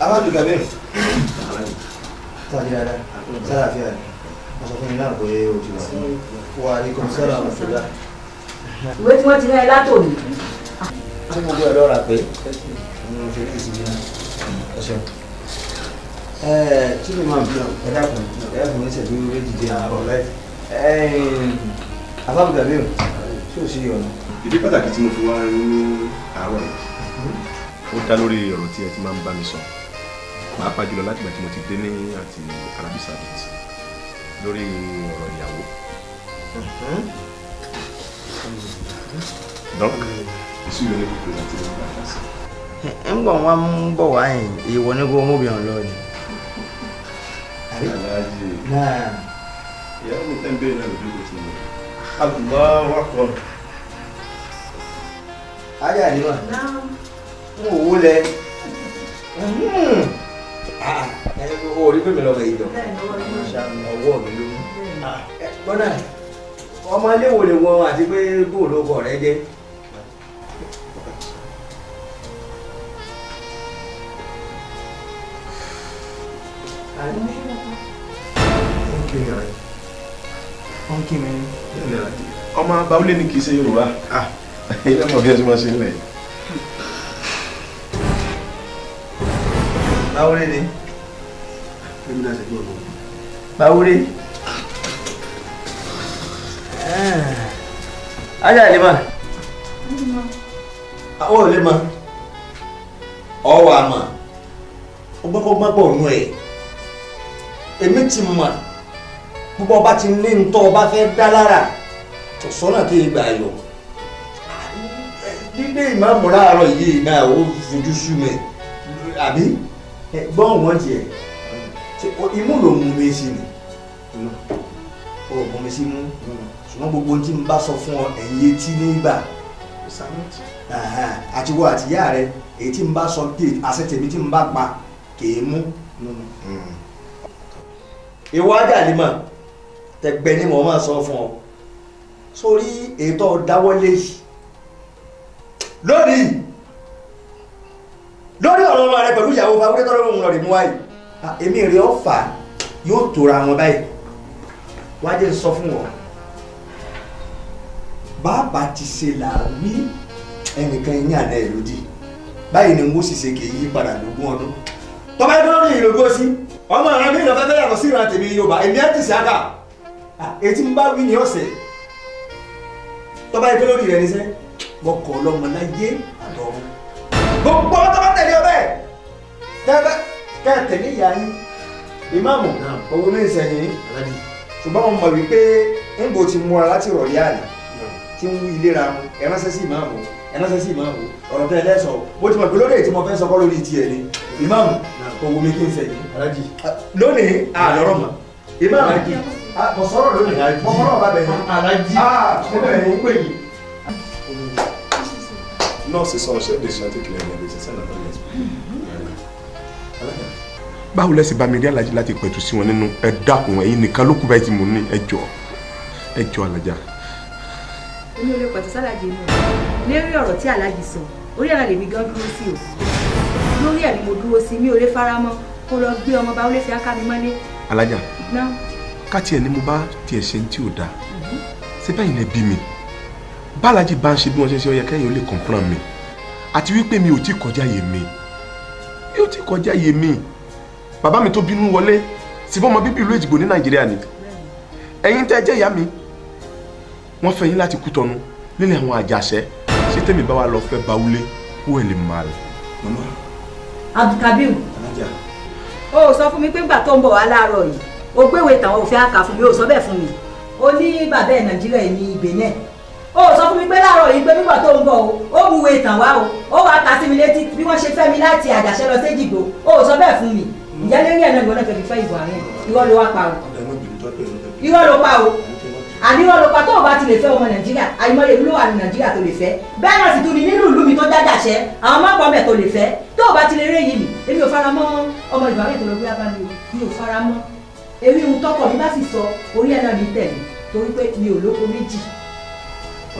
abájú gabir tàbí dáadáa sálàáfíà ni wọ́n sọ fún mi náà pé o ti wà ní wà ní kọmísọ́là ọ̀fẹ́dá. ìwé tí wọ́n ti rán ẹ látòmí. ṣé mo gbé ọlọ́ra pé mo fi kí sí bí ẹ ṣeun. tí mo máa ń bí ọ ẹ dákun ẹ fún mi ṣẹ̀dú méjìdé àbọ̀ láì. abájú gabir tí o sì yọ̀ ọ́. ìdí pàtàkì tí mo fi wá ní àárọ̀ yìí ó dá lórí ọ̀rọ̀ tí ẹ ti máa ń bá mi sọ pàápàá jùlọ látìgbà tí mo ti dé ní àti Arabic Saudit lórí ọ̀rọ̀ ìyàwó. dọ́k ń gbọ̀n wá ń bọ̀ wá yìí ìwọ ni. kò tí mo. Allahu akbar. ajá ni wà n ò wó lẹ o rí pèmí lọ́mọ yìí lọ ọwọ́ mi ló mú ah, gbọ́dọ̀ ọmọ iléèwò lè wọn àti pé bóòlù ọkọ rẹ jẹ. ọmọ báwo lè ní kì í ṣe Yorùbá ah. ẹ lọ́mọ bí ẹ ti máa ṣe ń yìí. Báwúrẹ́ ni. Èmi náà ma gbọ́dọ̀. Báwúrẹ́. ma lè mọ̀. Àwọn ò lè mọ̀. Ọwọ́ àmọ̀. Ọgbọ́n gbọ́ ọ̀nù ẹ̀. Èmi ti mọ̀. Gbogbo ọba ti ní ntọ́ ọba fẹ́ dá lára. Sọ́nà tí ì gbà yọ. Dídé ìmáàmù láàárọ̀ yìí náà ó fojú sú gbọ́n wọ́n tiẹ̀ imú ló mú mi sí ni o mú mi sí mú ṣùgbọ́n gbogbo tí n bá sọ fún ọ ẹ̀yìn etí nígbà àti wo àtìyá rẹ èyí tí n bá sọ bí àṣetẹ̀mí tí n bá pa kèé mú. ìwádìí àlìmọ̀ tẹ̀gbẹ́ ni mo máa sọ fún ọ sórí ètò dáwọ́lé yìí lónìí lórí ọ̀rọ̀ ọmọ rẹ pẹ̀lú ìyàwó fa wíkẹ́tọ́ lọ́rùn lọ́rẹ̀ mú wáyé èmi rẹ̀ ọ́ fà yóò tóra wọn báyìí wáá jẹ́ sọ fún wọn bàbá ti ṣe là wí ẹnìkan ẹ̀yìn àná ẹ̀ lòdì báyìí ni mo sì ṣe kì í yí padà lógún ọdún tọ́ba ẹgbẹ́ lórí ìlú gbó sí ọmọ ìran mi ìran fẹ́fẹ́ yàtọ̀ sí ìran tèmi Yorùbá èmi ẹ̀ ti ṣe àgà ètí ń bá wí ní ọ̀sẹ̀ tọ́ba ẹgbẹ́ lórí rẹ̀ níṣẹ́ mọ́kọ̀ ọlọ́mọ láyé àtọ̀run gbogbo ọtọ́ bá tẹ̀lé ọbẹ̀ tẹ́tẹ́ kẹ́ tẹ̀lé ìyá yín ìmáàmù náà owó ní ìsẹ̀yìn aláàjì ṣùgbọ́n mo mọ̀ wípé níbo ti múra láti rọ̀lẹ́ àná tí ń wú ìlera mu ẹ ránṣẹ́ sí ìmáàmù ẹ ránṣẹ́ sí ìmáàmù ọ̀rọ̀ tẹ́ ẹ lẹ́sọ̀ bó ti mọ̀ pé lórí èyí tí mo fẹ́ sọ kọ́ lórí tiẹ̀ ni ìmáàmù owó mi kí n sẹ̀yìn aláàjì lónìí àlọ́rọ̀ mọ̀ ìmáàmù mọ̀ sọ̀rọ̀ lónìí mọ̀ sọ̀rọ̀ bàbẹ̀ yìí aláàjì Non, c'est nọ́ọ̀sì sọ ọ̀ṣẹ́ lè ṣàtìkìlẹ̀ ní ẹ̀dẹ̀ sísẹ́ náà tẹ̀lé báwo lẹ́sìn bá mi rí alájí láti pẹ̀tù sí wọn nínú ẹ dákun ẹ̀yin nìkan ló kú báyìí tí mo ní ẹ jọ ẹ jọ alájà. inú ilé pẹ̀tù sálàjì náà lérí ọ̀rọ̀ tí alájí sọ orí ẹ̀rọ lèmi gan dúró sí o lórí ẹ̀ ni mo dúró sí mi ò lè fara mọ́ kó lọ gbé ọmọ báwo lè fi áká mi mọ́lé. alájà ká tiẹ̀ ni mo bá tiẹ̀ ṣe ní tí ò dáa mhm. ṣé báyìí lẹ bí mi bálájì bá ń ṣe bí wọ́n ṣe ń ṣe ó yẹ kẹ́yìn ó lè comprehend mi àti wípé mi ò tí kọjá yé mi mi ò tí kọjá yé mi bàbá mi tó bínú wọlé sì fọmọ bíbí ìlú Èjìgbò ní Nàìjíríà ni ẹ̀yin tẹ́ jẹ́ ìyá mi wọ́n fẹ́ yín láti Kútọ́nù nílẹ̀ àwọn àjàṣẹ́ ṣé tèmi bá wa lọ fẹ́ bawulé kó ẹ̀ lè máa rẹ̀. Abdulkabir o sọ fún mi pé ńgbà tó ń bọ̀ wá láàárọ̀ yìí o gbéwèé tàwọn òfin àkà fún mi o sọ bẹ́ẹ̀ fún mi o ní bàbá ẹ̀ Nàìjíríà ní ibẹ̀ náà o sọ fún mi pé láàárọ̀ yìí pé nígbà tó ń bọ̀ o ó buwe ìtàn wá o ó wàá ta sí mi létí bí wọ́n ṣe fẹ́ mi láti àjàṣe lọ séjìgbò o sọ bẹ́ẹ̀ fún mi ìyá lérí ẹ̀ náà ìwọ náà fẹ́ fi fẹ́ ìbò àárín ìwọ ló wá pa o ìwọ ló pa o àníwọ̀n ló pa tó o bá ti lè fẹ́ ọmọ nàìjíríà àìmọye ìlú wà ní nàìjíríà tó lè fẹ́ bẹ́ẹ̀ náà sì tún ni nínú ìlú mi tó jájàṣẹ́ àwọn mọ́pọ̀ mẹ́ tó lè fẹ́ tó o bá ti lè rí èyí mi èmi ò fara mọ́ ọmọ o mi ò fara mọ́ èmi ò tọkọ̀ mi bá sì sọ orí ẹ̀ náà mi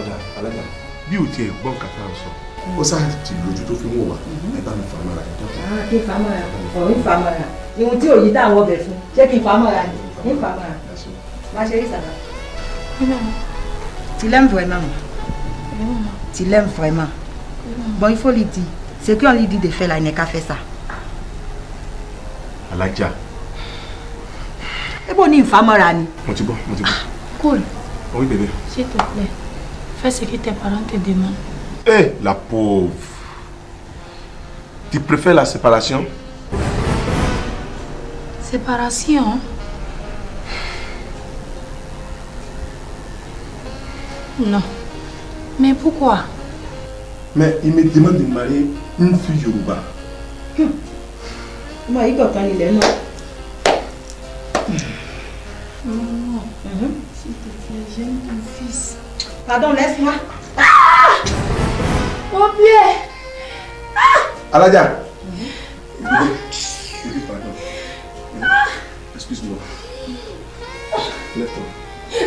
ọ̀dà alága. bí o tiẹ̀ gbọ́ nǹkan sọ mm. ó sáà ti lójú tó fi ń wò mm-hmm. ẹ bá mi fàmọ́ra ẹ dákun. kí n fàmọ́ra ọ̀rìn fàmọ́ra ihun tí òyìn táwọn ọbẹ̀ fún ṣé kí n fàmọ́ra ni kí n fàmọ́ra má ṣe rí sàrà. tilẹ̀ ń ẹ̀ máa tilẹ̀ ń fọ ẹ̀ máa bọ̀ ifo lè di sèké ọ̀rìn dìde fẹ́ la ẹ̀ka fẹ́ sà. alájà. ebo ni ìfàmọ́ra ni. mo ti bọ́ mo ti bọ́. kóòlù. orí bèbè. ṣètò bẹ́ẹ̀. ce que tes parents te demandent. Eh, Hé, la pauvre. Tu préfères la séparation Séparation Non. Mais pourquoi Mais il me demande de marier une fille Yoruba. Hum. Moi, il quand est Maman, s'il te plaît, j'aime ton fils. Pardon, laisse-moi. Ah Mon pied ah Aladia oui? ah Pardon. Ah Excuse-moi. Lève-toi.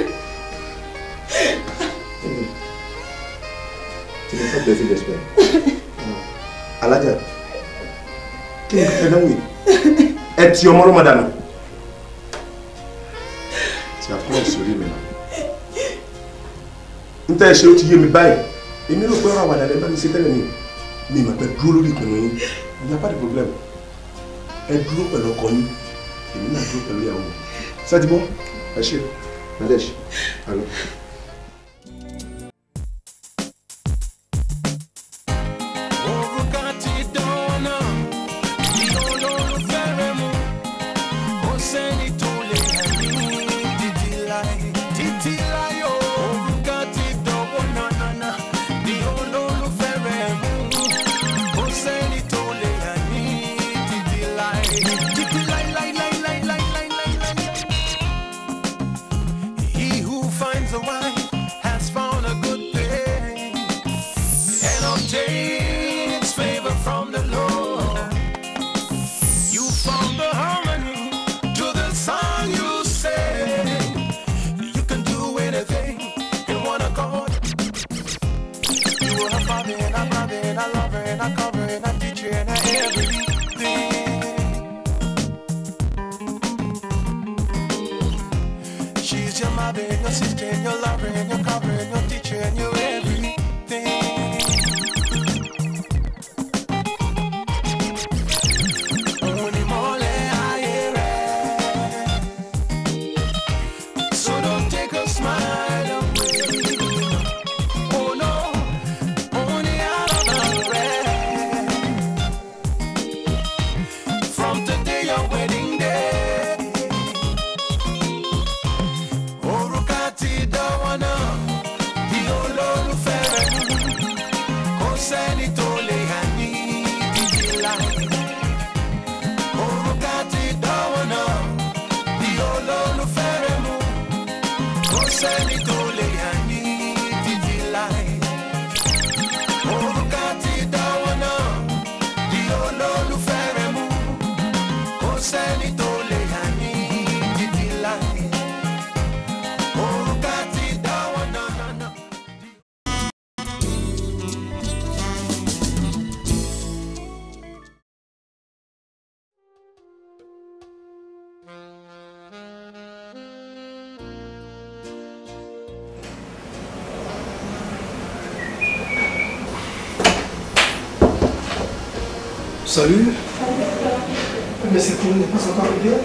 Tu n'es pas blessé, j'espère. Aladia, kí ni ẹ náwó yìí? Ẹ ti ọmọ ọlọ́mọdà náà. Tí a kúrò sórí mi n tẹ́ ẹ ṣe ó ti yé mi báyìí èmi rò pé ọ̀rọ̀ àwàdà lẹ bá mi ṣe tẹ́lẹ̀ ni mi ìmọ̀ pé dúró lórí ìpinnu yín ìyá bá problem ẹ dúró pẹ̀lú ọkọ yín èmi náà dúró pẹ̀lú ìyàwó mi sátibọ́ ẹ ṣe Nadesh alo. Salut. Mais c'est pour n'est pas encore arrivé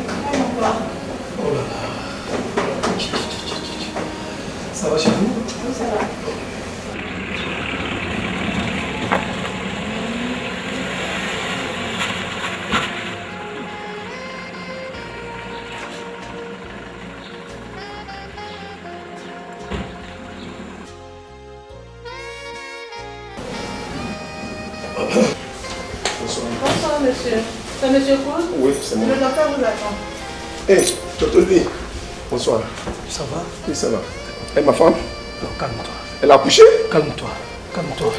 Hé, le monde. Bonsoir. Ça va Oui, ça va. Et eh, ma femme Non, calme-toi. Elle a accouché? Calme-toi. Calme-toi.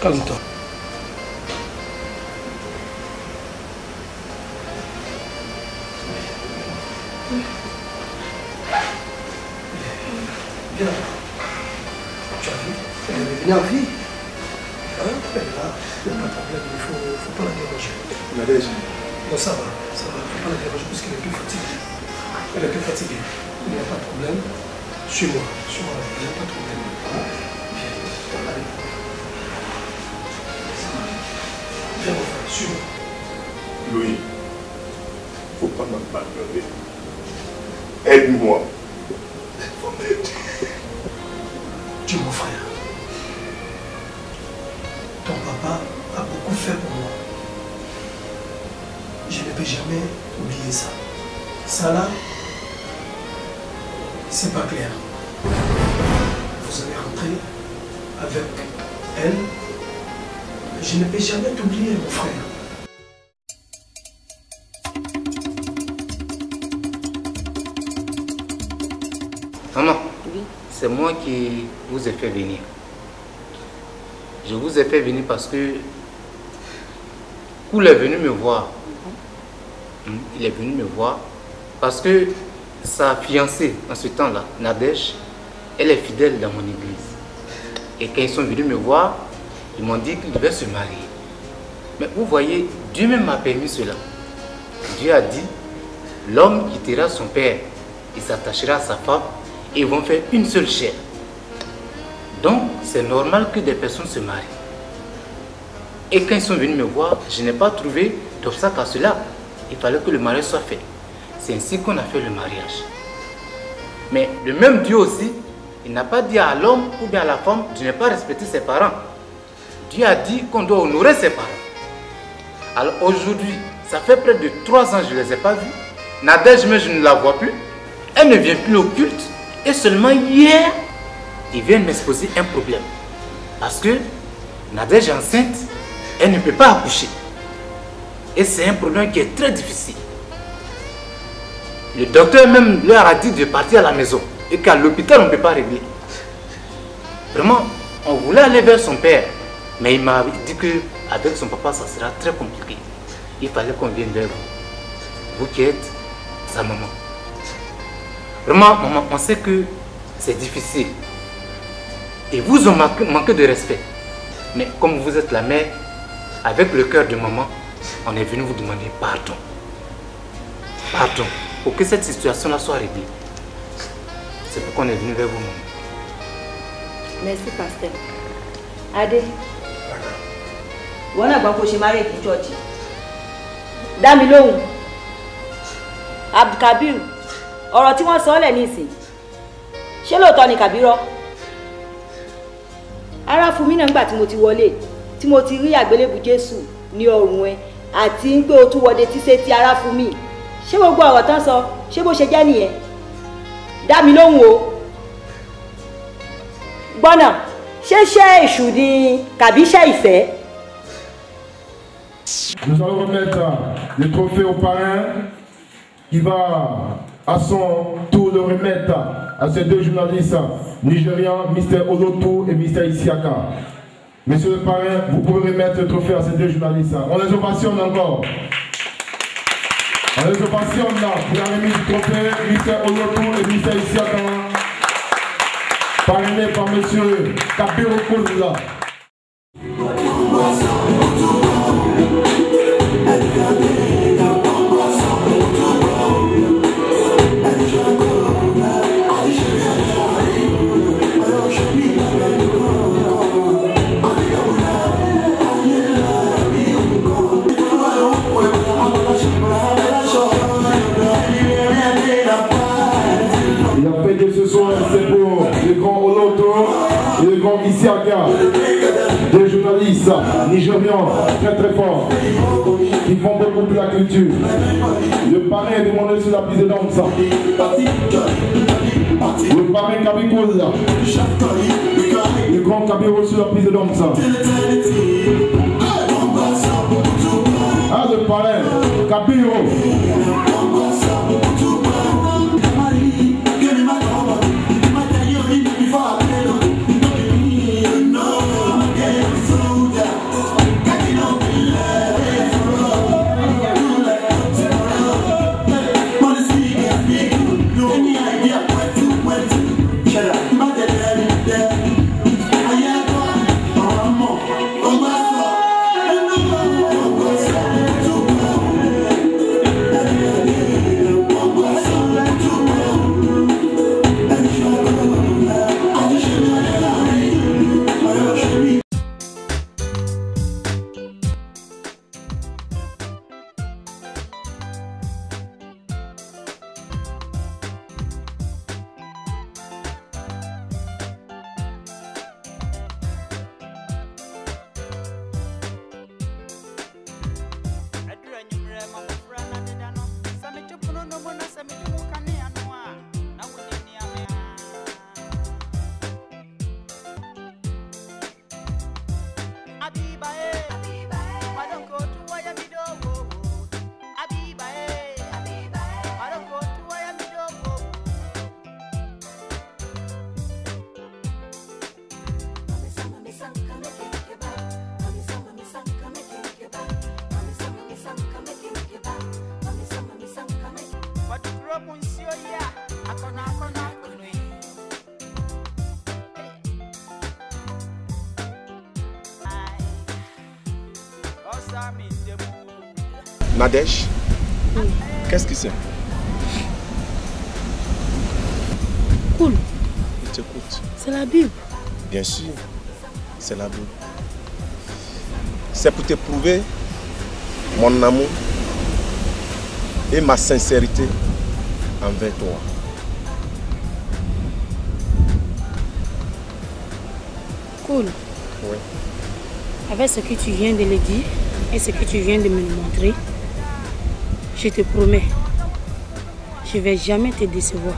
Calme-toi. Viens. Tu as vu Elle est fait venir parce que Koul est venu me voir. Mm-hmm. Mm, il est venu me voir parce que sa fiancée, en ce temps-là, Nadège, elle est fidèle dans mon église. Et quand ils sont venus me voir, ils m'ont dit qu'ils devaient se marier. Mais vous voyez, Dieu même m'a permis cela. Dieu a dit, l'homme quittera son père, il s'attachera à sa femme et ils vont faire une seule chair. Donc, c'est normal que des personnes se marient. Et quand ils sont venus me voir, je n'ai pas trouvé d'obstacle à cela. Il fallait que le mariage soit fait. C'est ainsi qu'on a fait le mariage. Mais le même Dieu aussi, il n'a pas dit à l'homme ou bien à la femme de ne pas respecter ses parents. Dieu a dit qu'on doit honorer ses parents. Alors aujourd'hui, ça fait près de trois ans que je ne les ai pas vus. Nadège, mais je ne la vois plus. Elle ne vient plus au culte. Et seulement hier, ils viennent m'exposer un problème. Parce que Nadège est enceinte elle ne peut pas accoucher. Et c'est un problème qui est très difficile. Le docteur même leur a dit de partir à la maison et qu'à l'hôpital, on ne peut pas régler. Vraiment, on voulait aller vers son père, mais il m'a dit que avec son papa, ça sera très compliqué. Il fallait qu'on vienne vers vous. Vous qui êtes sa maman. Vraiment, maman, on sait que c'est difficile. Et vous, on manque de respect. Mais comme vous êtes la mère, avec le cœur de maman, on est venu vous demander pardon. Pardon. Pour que cette situation-là soit réglée. C'est pourquoi on est venu vers vous, maman. Merci, pasteur. Adé. Voilà, bon, je suis marié avec George. Kabir? Tu ọ̀rọ̀ tí wọ́n sọ ọ́ lẹ̀ nísìn ṣé ni ara fún mi náà nígbà mo ti tí mo ti rí àgbélébù Jésù ní ọrùn ẹ àti ń pé o tún wọde tíṣe ti ara fún mi ṣé gbogbo ọ̀rọ̀ tán sọ ṣé bó ṣe jẹ́ nìyẹn dá mi lóhùn o gbọ́nà ṣé ṣé èṣù ni kàbí ṣé ìfẹ́. Nous allons remettre le trophée au parrain qui va à son tour le remettre à ces deux journalistes nigérians, Mr. Olotu et Mr. Isiaka. Monsieur le parrain, vous pouvez remettre le trophée à ces deux journalistes. Hein. On les ovationne encore. On les ovationne là Vous avez mis le trophée, Mister Oloto et à Issiakana. Hein. Parrainé par monsieur Kapiro Je viens très très fort, qui font beaucoup de la culture. Le parrain est demandé sur la piste de danse. Le parrain Kabikoz, le grand Kabiro sur la piste de danse. Ah, le parrain Kabiro. Qu'est-ce que c'est Cool. Je t'écoute. C'est la Bible. Bien sûr, c'est la Bible. C'est pour te prouver mon amour et ma sincérité envers toi. Cool. Oui. Avec ce que tu viens de le dire et ce que tu viens de me montrer, je te promets, je ne vais jamais te décevoir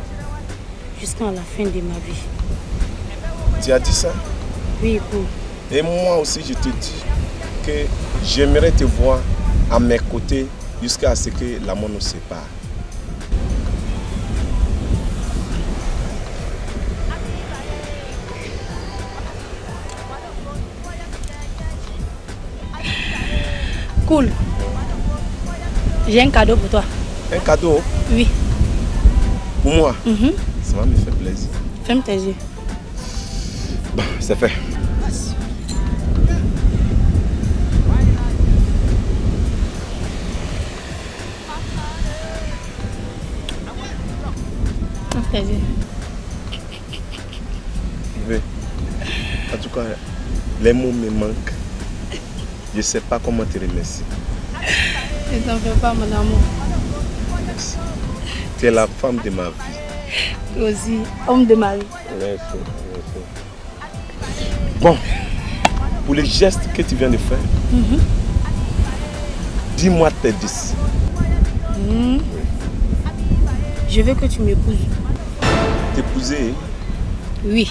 jusqu'à la fin de ma vie. Tu as dit ça Oui, cool..! Et moi aussi, je te dis que j'aimerais te voir à mes côtés jusqu'à ce que l'amour nous sépare. Cool. J'ai un cadeau pour toi. Un cadeau Oui. Pour moi mhm. Ça va me faire plaisir. Ferme tes yeux. Bon, c'est fait. Fais tes yeux. Oui. En tout cas, les mots me manquent. Je ne sais pas comment te remercier. Ne t'en fais pas, mon amour. Tu es la femme de ma vie. Toi aussi, homme de ma vie. Bon, pour les gestes que tu viens de faire, mhm. dis-moi tes 10. Mhm. Je veux que tu m'épouses. T'épouser hein? Oui.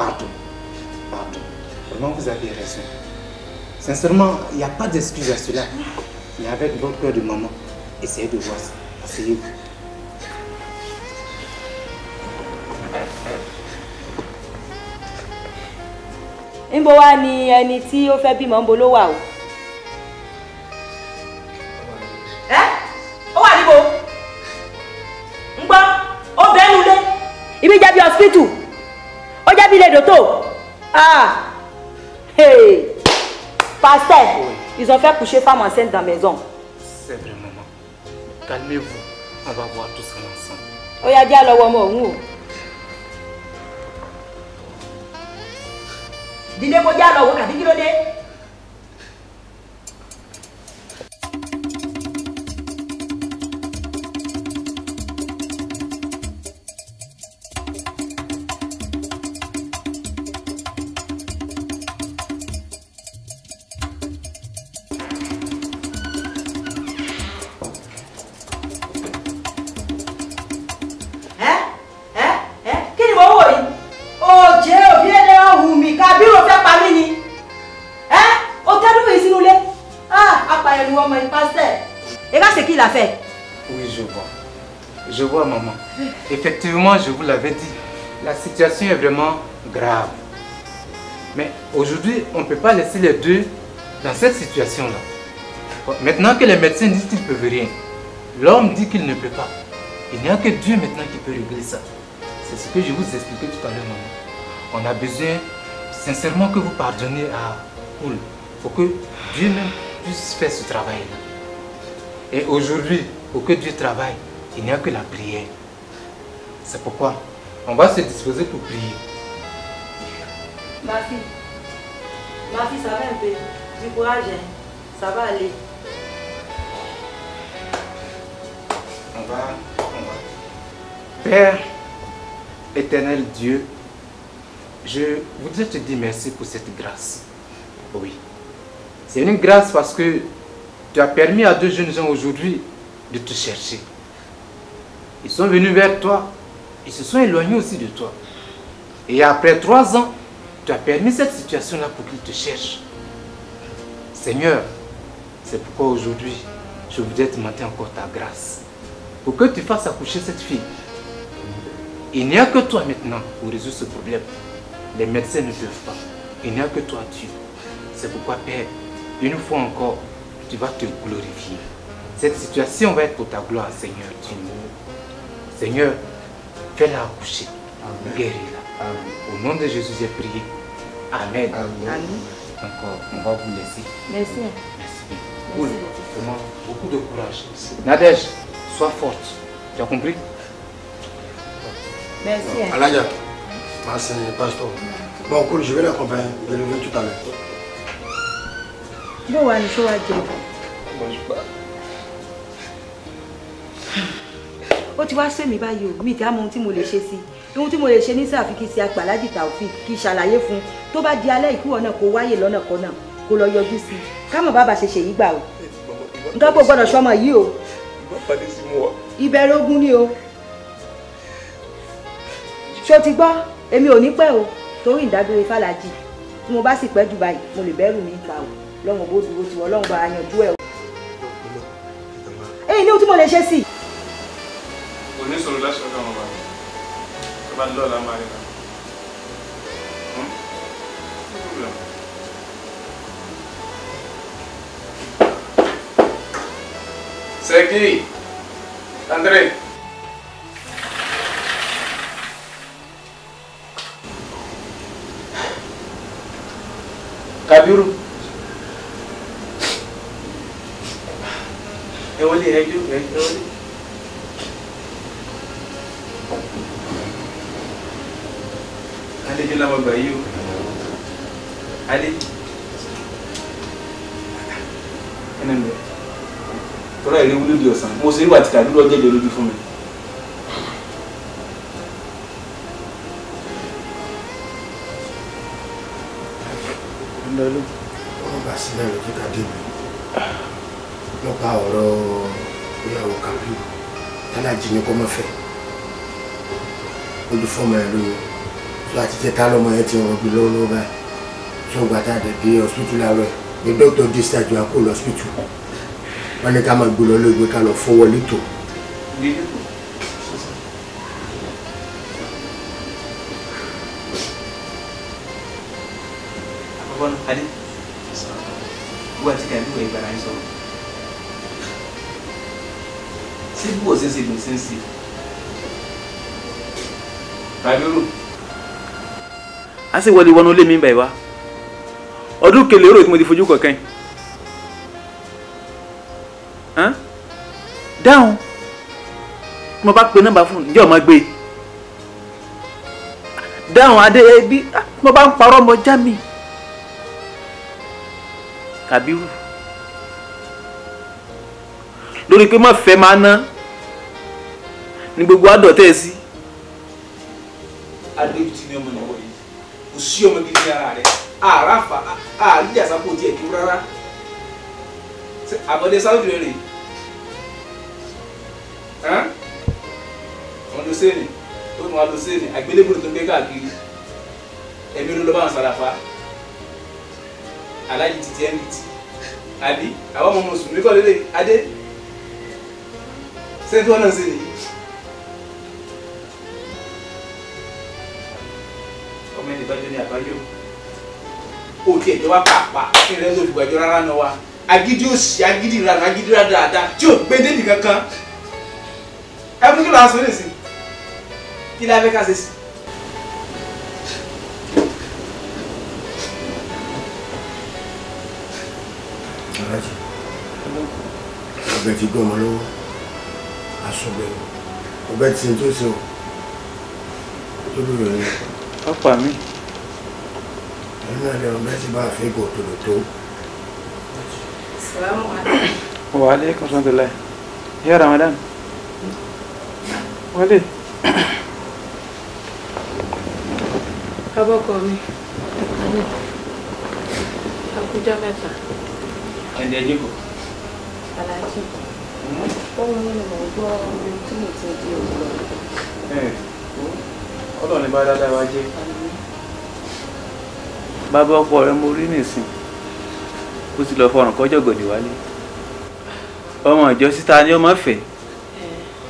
pardon. Pardon. Vraiment, vous avez raison. Sincèrement, il n'y a pas d'excuse à cela. Mais avec votre cœur de maman, essayez de voir ça. Asseyez-vous. Ńbo wá ni ẹni mambolo ó Hein? Où ńbo ló wà o. Ẹ́ ó wà níbo? Ń gbọ́, ó bẹ́ẹ̀ nulẹ̀. Ibi jẹ́ bí hospital village d'auto. Ah Hey Pasteur, ils ont fait coucher femme enceinte dans la maison. C'est vrai, maman. Calmez-vous. On va voir tout ça ensemble. Oh, y'a dialogue, maman. Dis-le, moi, dialogue, qu'a dit qu'il fait. Oui, je vois. Je vois, maman. Effectivement, je vous l'avais dit, la situation est vraiment grave. Mais aujourd'hui, on ne peut pas laisser les deux dans cette situation-là. Maintenant que les médecins disent qu'ils ne peuvent rien, l'homme dit qu'il ne peut pas. Il n'y a que Dieu maintenant qui peut régler ça. C'est ce que je vous expliquais tout à l'heure, maman. On a besoin sincèrement que vous pardonniez à Paul. Il que Dieu même puisse faire ce travail-là. Et aujourd'hui, pour que Dieu travaille, il n'y a que la prière. C'est pourquoi on va se disposer pour prier. Ma fille, ma fille, ça va un peu. Du courage, hein. ça va aller. On va, on va. Père, éternel Dieu, je voudrais te dire merci pour cette grâce. Oui. C'est une grâce parce que tu as permis à deux jeunes gens aujourd'hui de te chercher. Ils sont venus vers toi, ils se sont éloignés aussi de toi. Et après trois ans, tu as permis cette situation-là pour qu'ils te cherchent. Seigneur, c'est pourquoi aujourd'hui, je voudrais te demander encore ta grâce pour que tu fasses accoucher cette fille. Il n'y a que toi maintenant pour résoudre ce problème. Les médecins ne peuvent pas. Il n'y a que toi, Dieu. C'est pourquoi, Père, une fois encore, tu vas te glorifier. Cette situation va être pour ta gloire, Seigneur. Seigneur, fais-la accoucher. Guéris-la. Au nom de Jésus, j'ai prié. Amen. Amen. Encore, euh, on va vous laisser. Merci. Merci. Cool. beaucoup de courage. Nadège, sois forte. Tu as compris Merci. pasteur. Bon, cool, je vais l'accompagner. Je le faire tout à l'heure. bó wà ní ṣó wá jẹ. ó ti wá sọ èmi báyìí o mi ti á Tu ohun tí mo lè ṣe sí i ohun tí mo lè ṣe ní sáà fi kí ṣe apàlájì Taofik kí ṣàlàyé fún tó bá di alẹ́ ìkúwọ̀ náà kó wáyè lọ́nà kan náà kó lọ yọjú sí i kámọ̀ bàbá ṣe ṣèyí gbà o nǹkan kò gbọ́dọ̀ sọmọ yìí o ìbẹ̀rù ogun ni o ṣó ti gbọ́ èmi ò ní pẹ́ o torí ìdágbére fàlàjì tí mo bá sì pẹ́ jù mo lè bẹ́rù mi pa o lọ́wọ́n bó dúró tiwọn lọ́wọ́n bá yanjú ẹ̀. ẹ̀yin ní o tí mo lè ṣe sí. kò ní sọ̀rọ̀ láti ọ̀gá ọmọ bàbá tó bá lọ́ọ̀lá máa rí náà. Sergei, Andrei. Kabiru. wọlé ẹjọ ẹjọ Ali adéjọ làwọn gbà yìí o adé ẹnìmọ tọ́lá ìrẹ́wúlé di ọ̀sán mo ṣe é wà tìkà dúró jẹ́jẹ́ lójú fún mi. ní kó mọ́ fẹ́ ojú fọmọ ẹ lóyún tó àti jẹta lọmọ yẹn ti rọbí lọ́wọ́lọ́wọ́ báyìí tó gbà tá a dẹ̀ dé hospital láàárọ̀ ẹ̀ ní dókítà discharge wa kó lọ hospital wọ́n ní ká máa gbé lọ lóògbé ká lọ fọwọ́ lítò. Adé, wọ́n ti kẹ́ ẹ̀ lóye ìgbàlá yín kò sí sí gbèsè sí Kabiru. a sì wọlé wọnú ilé mi bẹ̀ wá ọdún kele rò tí mo ti fojú kọ̀ọ̀kan yìí dáhùn tí mo bá pe nọ́mbà fún ǹjẹ́ ọmọ gbé e? dáhùn adé ẹbí ah, tí mo bá ń parọ́ ọmọ já mi Kabiru lórí pé má fẹ́ máa ná ní gbogbo àdọ̀tẹ́ sí. adébítì ni ọmọ ìwọ yìí kò sí ọmọ gidi ní ara rẹ ààrá fa ààrí àsápò díẹ̀ kí rárá àbọ̀dé sáwùdì rẹ rèé ọmọ ló sẹ́ni ó mọ ló sẹ́ni àgbélébùrú tó ń gbé káàkiri ẹ̀mí ló lọ́ bá ń sàràfà aláyìí ti ti ẹ̀ ń bìtì àbí àwọn ọmọ mùsùlùmí kọ́ lélẹ̀ adé sẹ́ni tí wọ́n náà sẹ́ni yìí. ìgbàjọ ní àbáyọ o tiẹ̀ tó wá pàápàá kí n rẹ́ lò ìgbàjọ rárá náà wa agídí òsì agídí ìranà agídí rárá dáadáa tí ò gbé débi kankan ẹ mú kí ló aṣọ lè sí kí ló abẹ́ká ṣe sí. aláàjì ọbẹ̀ ti gbọ́n ọmọ lọ́wọ́ aṣọ́gbẹ̀ ọbẹ̀ tí n tó ṣe ọ́ ni. ọ̀pá mi. وعليكم ورحمة الله يا رمضان ولي abọ́kọ mi akújọ́ mẹ́ta. ẹ̀jẹ̀ jìkọ̀. aláàjì hmm? ohun ni mo gbọ́ ohun tí mo ti di òkú. ọlọ́run ní bá dáadáa wá jẹ́ bàbá ọkọ rẹ mo rí nìsín kó ti lọ fọrùn kọjọ gòdì wálé ọmọ ìjọ síta ni ọmọ fẹ́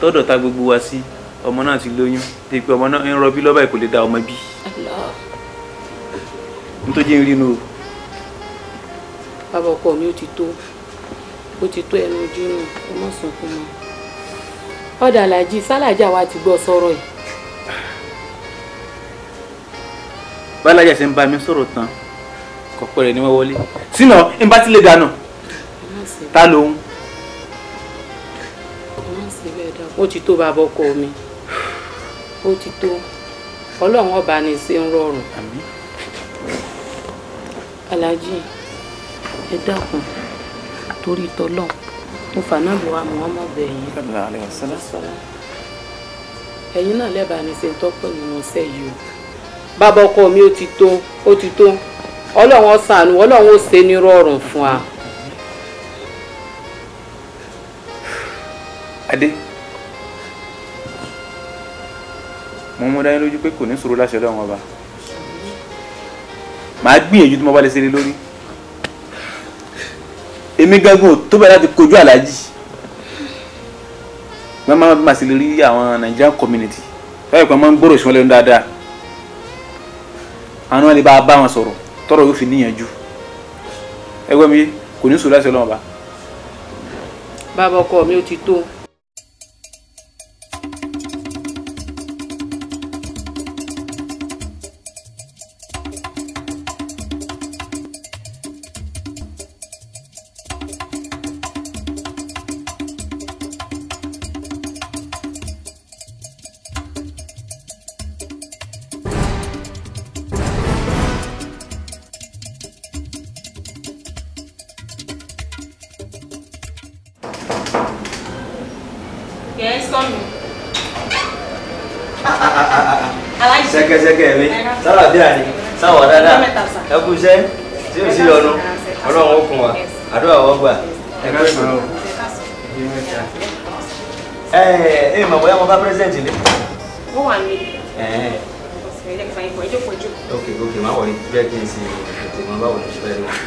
tọdọ ta gbogbo wa sí ọmọ náà ti lóyún débi pé ọmọ náà ń rọbí lọ́bàá kò lè da ọmọ bí nítorí ń rínú o. bàbá ọkọ mi ó ti tó ó ti tó ẹnu ojú nù ọmọ sùn fún mi ọ̀dà alájí sálàjà wa ti gbọ́ sọ̀rọ̀ yìí bálájà ṣe ń bá mi sọ̀rọ̀ tán kọ̀pẹ́ rẹ̀ ni wọ́n wọlé sínà ń bá tilẹ̀ dànù ta lòun. ó ti tó bàbá ọkọ mi ó ti tó ọlọ́run ọba ni ṣe ń rọrùn alájí ẹ dákun torí tọlọ mo fànáàbò wa Muhammad bẹ̀yìn ẹ̀yin náà lẹ́bàá ni ṣe ń tọ́pọ̀ nínú iṣẹ́ yìí o bàbá ọkọ mi ó ti tó ó ti tó ọlọ́run ó ṣàánú ọlọ́run ó ṣe ní rọrùn fún wa. adé mo mú dání lójú pé kò ní sọ̀rọ̀ láṣẹ ọlọ́run ọba màá gbìyànjú tí mo bá lè ṣe lé lórí èmi gángan ò tó bẹ́ẹ̀ láti kojú aláàjì wọ́n máa ń máa ṣe lè rí àwọn Nigerian community báyìí pé wọ́n máa ń gbòòrò sí wọn lẹ́nu dáadáa àwọn náà lè bá a bá wọn sọ̀rọ̀ tọ́rọ̀ yóò fi níyànjú ẹgbẹ́ mi kò ní sùn láti ọlọ́run bá. bàbá ọkọ mi ò ti tó jókòó ẹ jókòó ẹ jókòó. ok ok má wọlé jẹ́ kí n sì ètò ìmọ̀ báwo ló ṣe fẹ́ rí wọn.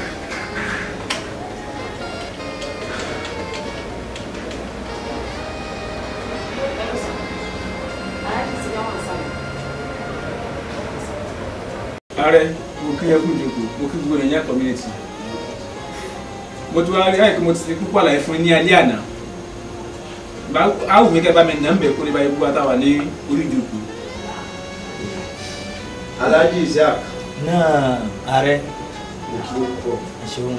ààrẹ mo kí ẹ kú ìjókòó mo kí gbogbo Nàìjíríà community mo ti wá rí àìkú mo ti fi púpọ̀ àlàyé fún ní alẹ́ àná àwùmí kẹ́ bá mi nà ń bẹ̀ kó lè bá ibú wa táwa ní orí ìjókòó. Alhaji Isiaq. náà ààrẹ. mo kí ó pọ̀. ẹ ṣeun.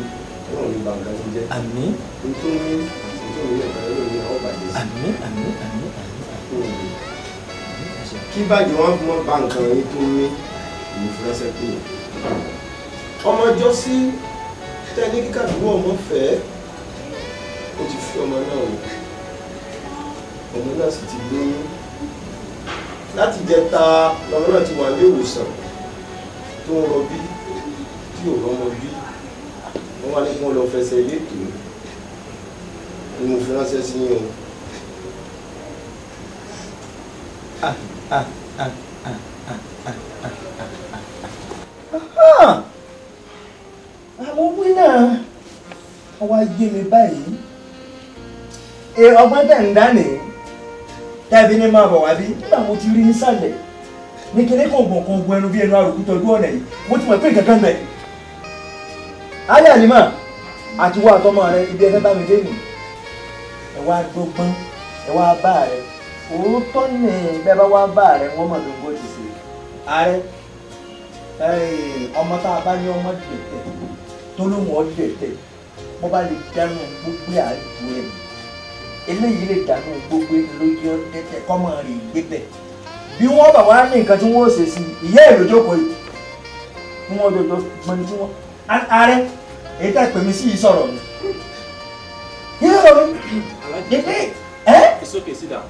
ọlọ́run ní bàbá mi jẹ́. àmín. nítorí nítorí ẹ̀ka ẹ̀rọ ni àwọn bàjẹ́ sí. àmín àmín àmín àmín. kí bàjẹ́ wọn fún wọn bá nǹkan yìí tó ní ìmúfúrẹ́sẹ̀ pé ọmọjọ́ sí tẹ́lẹ̀ kíkà dúró ọmọ fẹ́ ó ti fi ọmọ náà wò ọmọ náà sì ti lóyún láti jẹta lọ́wọ́ náà ti wà ní ìwòsàn tó ń rọbí tí ò rọmọ bí wọ́n wá ní kí wọ́n lọ fẹsẹ̀ létò ni mo fi ránṣẹ́ sí yín o. àwọn wí náà wọ́n wá gbé mi báyìí ọgbọ́n tẹ̀ ń dá nìyí. tẹ́ẹ̀fì ní máa bọ̀ wá bí nígbà mo ti rí nísàlẹ̀ ní kíní kọ̀ǹgàn kọ̀ǹgàn ẹnu bí ẹnu àrùkú tọdú ọ̀nà yìí mo ti mọ̀ pé kankan mẹ́. alẹ́ àlìmọ́ àti wọ́n àtọmọ rẹ ibi ẹgbẹ́ bá mi dé ẹ wá ẹ wá bá rẹ òótọ́ bá wá bá rẹ wọ́n mọ̀ lóńgbò a bá ní ọmọ dẹ̀tẹ̀ tó lóun ọ̀ dẹ̀tẹ̀ eléyìí lè dànù gbogbo lójú tẹ́tẹ́ kọ́mọ rè gbé bẹ̀. bí wọ́n bá wá ní nǹkan tí wọ́n ṣe sí ìyá èrò jókòó yìí kí wọ́n jọjọ gbọ́n tí wọ́n ààrẹ èyí tá ìpèmí sí yìí sọ̀rọ̀ mi. yíyá sọ̀rọ̀ mi dèdè ẹ́. it's okay sit down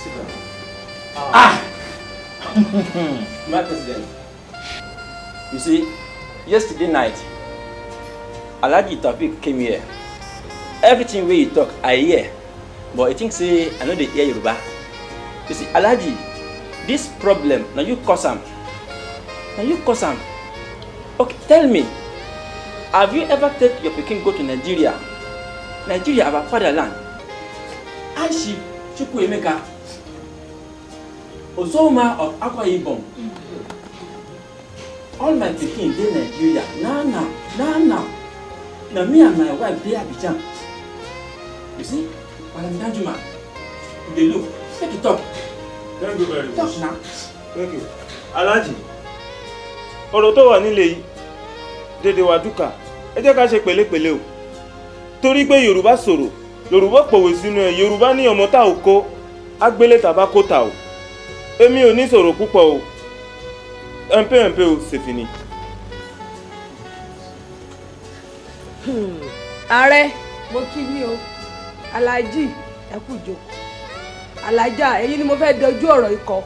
sit down. ah, ah. my president you see yesterday night alhaji taofeek came here everything wey you talk i hear but i think say i no dey hear yoruba you see alhaji this problem Now you cause am na you cause am okay tell me have you ever take your pikin go to nigeria nigeria our fatherland aishi chukwuemeka ozoma of akwa ibom all my pikin in nigeria now now now now Now me and my wife dey abidjan you see. I am that woman. You dey look. Make you talk. Thank you very much. Talk now. Thank you. Alhaji, ọ̀rọ̀ tó wà nílé yìí, dèdè wà dúkà, ẹ jẹ́ ká ṣe pẹ̀lẹ́pẹ̀lẹ́ o. Torí pé Yorùbá sọ̀rọ̀, Yorùbá pòwe sínú ẹ̀, Yorùbá ní ọmọ tá ò kó, agbélé tàbá kó tà o. Èmi ò ní sọ̀rọ̀ púpọ̀ o. Ẹ̀ǹpẹ́ ẹ̀ǹpẹ́ o, ṣèfìní. Hmm. Ààrẹ, mo kí ni o aláàjì ẹ kú ìjókòó alájà èyí ni mo fẹ́ dojú ọ̀rọ̀ ikọ̀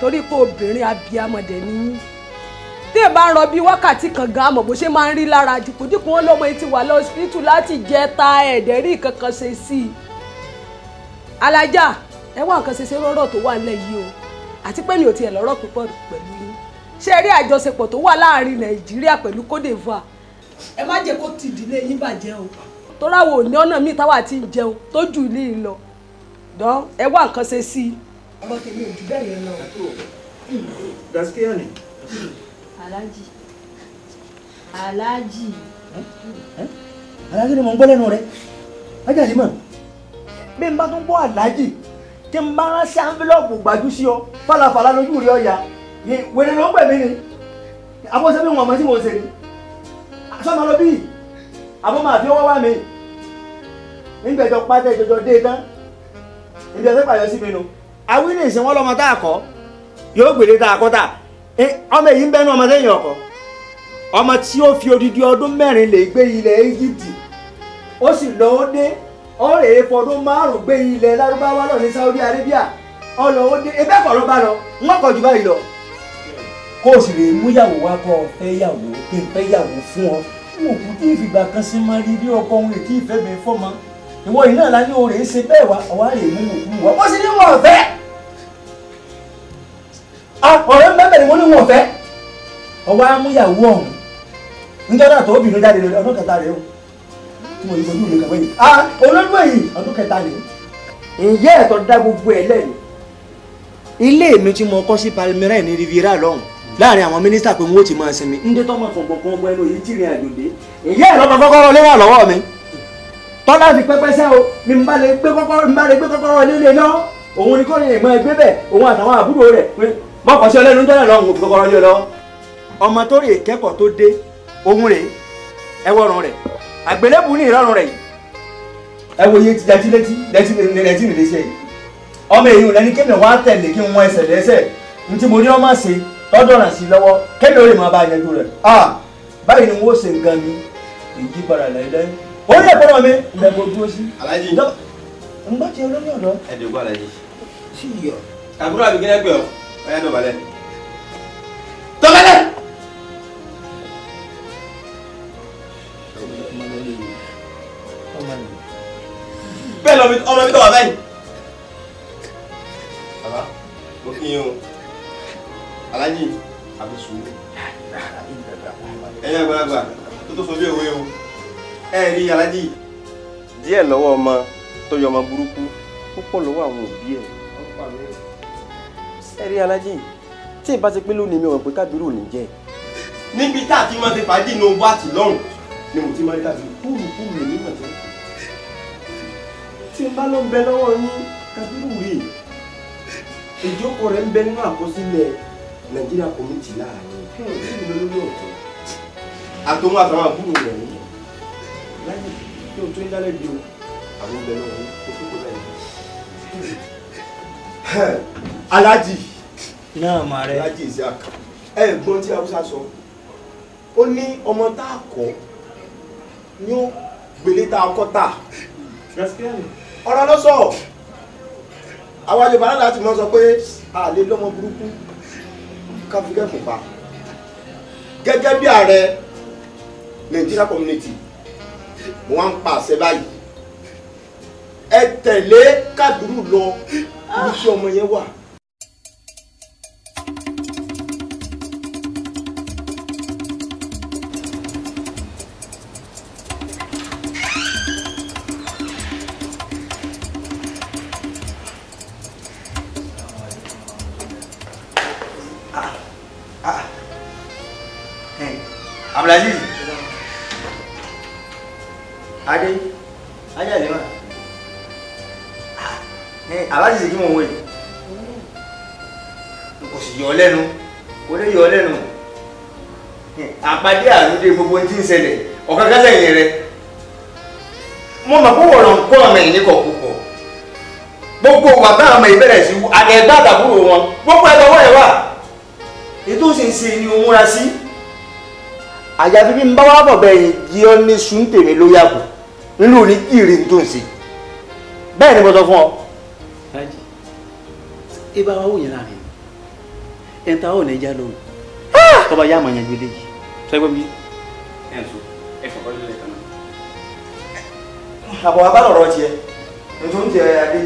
torí pé obìnrin abiyamọ̀dẹ̀ ni yín tí ẹ bá ń rọ bíi wákàtí kan gan amọ̀ bó ṣe máa ń rí lára jùkúdìkú wọn lọ́mọ etí wà lọ ọsibítù láti jẹ ta ẹ̀ẹ́dẹ̀ rí kankan ṣe sí i alájà ẹ wá nǹkan ṣe ṣe rọ́rọ̀ tó wà nílẹ̀ yìí o àti pé mi ò tiẹ̀ lọ́rọ̀ púpọ̀ pẹ̀lú yín ṣé rí àjọṣepọ̀ tó wà láàrin nàìjíríà pẹ̀lú Côte d'Ivoire ẹ má jẹ́ kó ti yín bàjẹ́ o tó ráwọ̀ ní ọ̀nà míì táwa ti ń jẹun tó jù ilé ń lọ dán ẹ wá nǹkan ṣe sí i. ọmọ tèmi ò jù bẹ́ẹ̀ yẹn lọ. gaskiya ni. aláàjì aláàjì. aláàjì ni mò ń gbọ́ lẹ́nu rẹ̀ ajá ni mọ̀ bí n bá tún gbọ́ aláàjì tí n bá rán sí anvilọ́ọ̀pù gbàjú sí ọ fàlàfàlà lójú rí ọ̀yà wèrè ló ń pè mí ni àbọ̀sẹ̀ mi wọn mọ̀ sí mo ṣe ni sọ́nà lọ bí àbọ̀ máa fi ọwọ́ wá mi nígbẹ̀jọ pátá ìjọjọ dé tán ìjọ tó pàyọ sí mi nu awínì ìsìn wọn lọmọ tá a kọ yóò gbèrè tá a kọ tá ọmọ èyí ń bẹnu ọmọ sẹ́yìn ọkọ ọmọ tí ó fi odidi ọdún mẹ́rin lè gbé ilẹ̀ Egypt ó sì lọ ó dé ó rè é fọdún márùn gbé ilẹ̀ lárúbáwá lọ ní Saudi Arabia ó lọ ó dé ebẹ́ kọ̀ ló bá lọ wọ́n kọ̀ jù báyìí lọ. kó o sì lè mú yàwó wá kọ́ ọ fẹ́ yàwó kí n fẹ́ yàwó fún ọ n ò kú tí ìfìgbà kan sí máa rí bí ọkọ òun èkì ìfẹ́ mi fọ́ mọ́ ìwọ yìí náà la ní oore ṣe bẹ́ẹ̀ wá àwa rè mú mú mú wá bó sì ní wọn fẹ́ ọ̀rẹ́ mẹ́fẹ̀ ni mo ní wọn fẹ́ ọwọ́ amúyàwó ọ̀hún níjọ́dá tó obìnrin jáde lórí ọdún kẹta rèé o tí mo ní ojú ìlú kẹwẹ́ yìí ah olójú èyí ọdún kẹta rèé. ìyá ẹ̀tọ́ dá gbogbo ẹ̀ lẹ́nu ilé mi tí mo kọ́ sí Palmera ní Riviera lọ́hùn láàrin àwọn mínísítà pé n ó ti máa sinmi. ń dé tọ́mọ̀ fọ̀gbọ̀n kan ọgbọ́n ẹnu yìí tìrìn àjò dé ìyá ẹ̀ lọ́mọ kọ́kọ́rọ́ lé wà lọ́wọ́ mi tọ́lá fi pẹ́pẹ́ sẹ́ o ni n bá lè gbé kọ́kọ́rọ́ n bá lè gbé kọ́kọ́rọ́ líle náà òun ni kò lè mọ ẹgbẹ́ bẹ̀ òun àtàwọn àbúrò rẹ̀ pé mọ́kàn sí ọlẹ́nu tọ́lá lọ́wọ́ òun kọ́kọ́rọ́ lé lọ. ọmọ tó rí ìkẹ́kọ̀ọ́ tó dé ohun rèé ẹ wọrùn rẹ̀ àgbélébùú ní ìrọ̀rùn rẹ̀ yìí ẹ wo iye ti dẹ́tí létí dẹ́tí létí nìlé yìí ọmọ èyí ò lẹ́ni wá tẹ̀lé kí n wọn ẹsẹ̀ lẹ́sẹ̀ n tí mo ní ọmọ ṣe tọ́dọ̀ ràn sí lọ́wọ́ kémi ó lè máa bá yanjú rẹ̀ báyìí ni wọ́n ṣe nǹkan mi èyí padà láyé lẹ́yìn ó lè gbọ́dọ̀ mi lẹ́gbọ̀n dúró sí. alájí ń bá tiẹ̀ lórí ọ̀dọ́. ẹ̀dùnkú alájí. sí iyọ̀. àbúrò àbí kílẹ̀ pé ọ ọyá dọ̀bálẹ̀. dọ̀bálẹ̀. bẹ́ẹ̀ lọ ọmọ mi tọ̀ wá báyìí. bàbá mo kí yín o alájí àbí sùúrù ẹ̀yin àgbàlagbà tó tó sọ bí òwe o ẹ rí alájì. díẹ̀ lọ́wọ́ ọmọ tó yọ ọmọ burúkú púpọ̀ lọ́wọ́ àwọn òbí ẹ̀. ẹ rí alájì tí ìbá ti pé lónìí mi ò mọ̀ pé kábírù ò ní jẹ́. níbi tá a ti máa ti fàájì nu wáàtì lọ́rùn ni mo ti máa ń kábírù kúrú kúrú lèmi mọ̀ jẹ́. tí n bá lọ bẹ lọ́wọ́ yín kábírù rèé ìjókòó rẹ̀ ń bẹ nínú àkọsílẹ̀ nàìjíríà kọ́mìtì láàrin àtòun àtàwọn àbúrò rẹ̀ yìí láyé kí o tó ń dálẹ̀ bí o àwọn ọbẹ̀ lọ́wọ́ o tó kó láyé. alájì náà mà rẹ alájì Isiaq ẹ gbọ́n tí haúsá sọ ó ní ọmọ tá a kọ́ ní ó gbélé tá a kọ́ tà ọ̀rọ̀ ló sọ àwọn àjọba aláàtì máa ń sọ pé àlè lọ́mọ burúkú káfíńkẹ́ kò pa gẹ́gẹ́ bí ààrẹ Nigeria community mo ń pa àṣẹ báyìí ẹ tẹ̀lé kádùrú lọ ibi tí ọmọ yẹn wà. lórí gbogbo ohun tí ń ṣẹlẹ̀ ọ̀kan kan sẹ́yìn rẹ mo mọ̀ pé wọ̀rọ̀ ń kọ́ ọmọ yìí ní kọ̀ọ̀kọ̀ gbogbo wà bá ọmọ yìí bẹ̀rẹ̀ sí àdẹ̀gbà àtàbúrò wọn gbogbo ẹ̀ lọ́wọ́ ẹ̀ wà ètò sì ń ṣe ni òun múra sí. àyàfi bí n bá wà bọ̀ bẹ́ẹ̀ yìí ọ́ ní sùn tèmi ló yàgò nínú ní ìrì tó ń ṣe bẹ́ẹ̀ ni mo sọ fún ọ. ibà wa wò yẹn láàrin ẹ̀ńtà ò ní já lóhùn ah! tọ́ba yá àmọ̀ yẹn gbélé yìí sọ́yìn pé ẹ̀ǹso ẹ fọ̀kọ́ lórí ẹ̀ka náà. àbọ̀ abálọ̀ ọ̀rọ̀ tiẹ̀ nítorí tiẹ̀ adé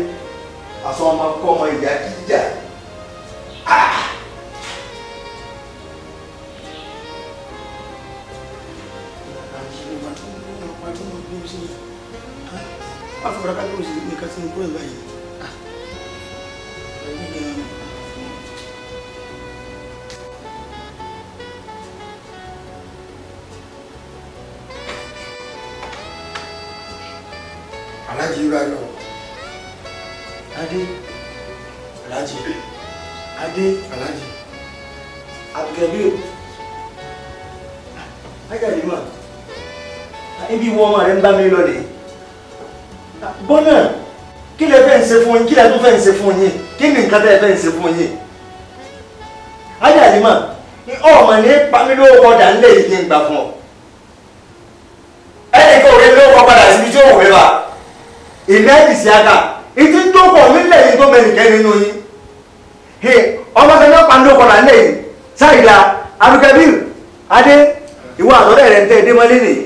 àsọ ọmọ kọ́ ọmọ ìyá jíjà. Afro-Brasil, Brasil, Brasil, Brasil, Brasil, Brasil, bí wọ́n ọmọ rẹ̀ ń bá mi lọ lè. bọ́nà kí lẹ fẹ́ ń ṣe fún yín kí lẹ tún fẹ́ ń ṣe fún yín kí ni nǹkan tẹ́ ẹ fẹ́ ń ṣe fún yín. ajá ni mà ọmọ ní pami lówó kọdà ńlẹ̀ yìí kí n gbà fún ọ. ẹnì kan ò lè lówó padà síbi tí ó wù mí bá. ìlú ẹ̀dì sí aka ìdí ń dókòó nílẹ̀ yìí tó mẹ́rìnkẹ́ nínú yín. ọmọ sẹ́ni pami lówó kọdà ńlẹ̀ yìí sáyidá abdulkabir adé ìwọ àtọ́lẹ̀ rẹ̀ ń tẹ́ ẹdẹ nìyí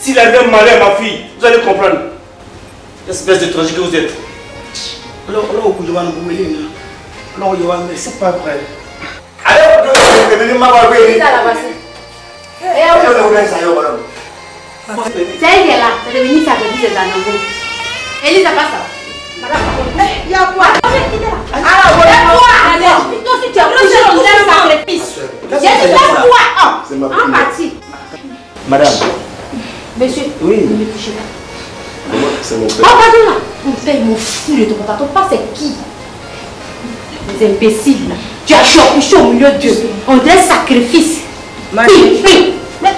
Si la même malheur ma fille, vous allez comprendre. Espèce d'étranger que vous êtes. Alors, alors, hein. alors, mais c'est pas vrai. Alors, je vais ma C'est elle est là, c'est ministre de la Elisa, pas ça. Madame, il y a quoi Alors, a quoi tu as sacrifice. Il y quoi En partie. Oh, Madame, Monsieur Oui. Ne me touchez pas. C'est mon père. Oh, pardon là Mon père, il m'en fout de ton papa. c'est qui Les imbéciles là. Tu as chopé au milieu de, Dieu. On dirait sacrifice. Oui, oui. Mais,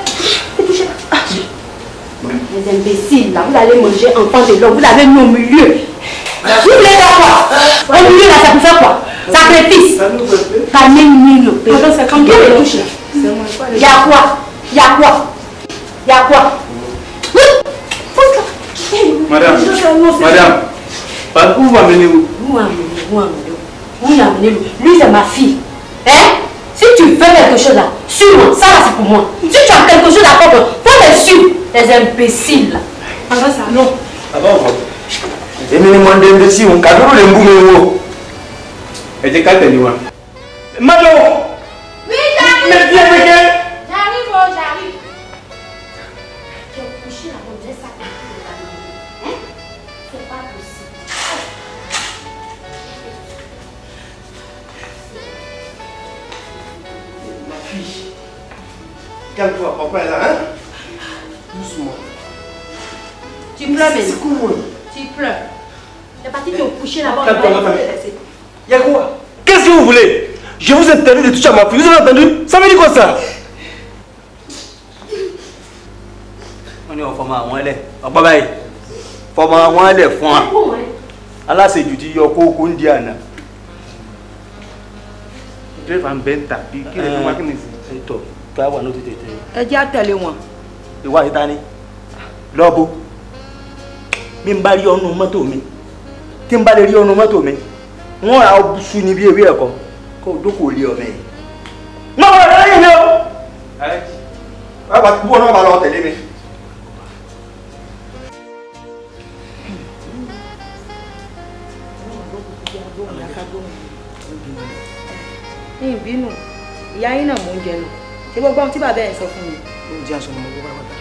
ne touchez pas. Ah. Les imbéciles là, vous allez manger enfant de l'homme, vous l'avez mis au milieu. Vous voulez faire quoi Au milieu là, ça vous faire quoi Sacrifice. Ça nous fait Pardon, c'est comme ça. Il y a quoi Il y a quoi Il y a quoi Madame, madame, où m'amenez-vous Où m'amenez, vous m'amenez, vous vous Lui, c'est ma fille. Hein Si tu fais quelque chose là, suis-moi, ça là c'est pour moi. Si tu as quelque chose à faire, faut les suivre. Les imbéciles là. Ah, ça Non. Avant, ah vous. Et moi des imbéciles, on cadre les mbouméos. Oh. Et t'es qu'à tenir. Madame Mais viens, mais Calme-toi, papa est là, hein Doucement. Tu pleures, mais. Secoue-moi. Tu pleures. La partie qui est coucher là-bas, Y a quoi Qu'est-ce que vous voulez Je vous ai interdit de toucher à ma fille, vous avez entendu Ça veut dire quoi ça On est en format à moi, on ah, Bye bye. Format à moi, elle est foin. Allah c'est du dit, Yoko Kundiana. Tu vas me bentapi, qui est le maquin euh, ici C'est toi, tu vas voir notre tête. ẹ jẹ́ àtẹ̀lé wọn. ìwà ìta ni lọ́bù mi ń bá rí ọ̀nù mọ́tò mi tí ń bá lè rí ọ̀nù mọ́tò mi wọ́n ra su ni bí ewé ẹ̀kọ́ kó o dókòó lé ọmọ yìí. mo bọ̀ lọ́wọ́ yìí ni o. bàbá bú ọ̀nà bá lọ tẹ̀lé mi. ìbínú ìyá yín náà mò ń jẹ nù ṣé gbogbo ohun tí bàbá ẹ̀ sọ fún mi.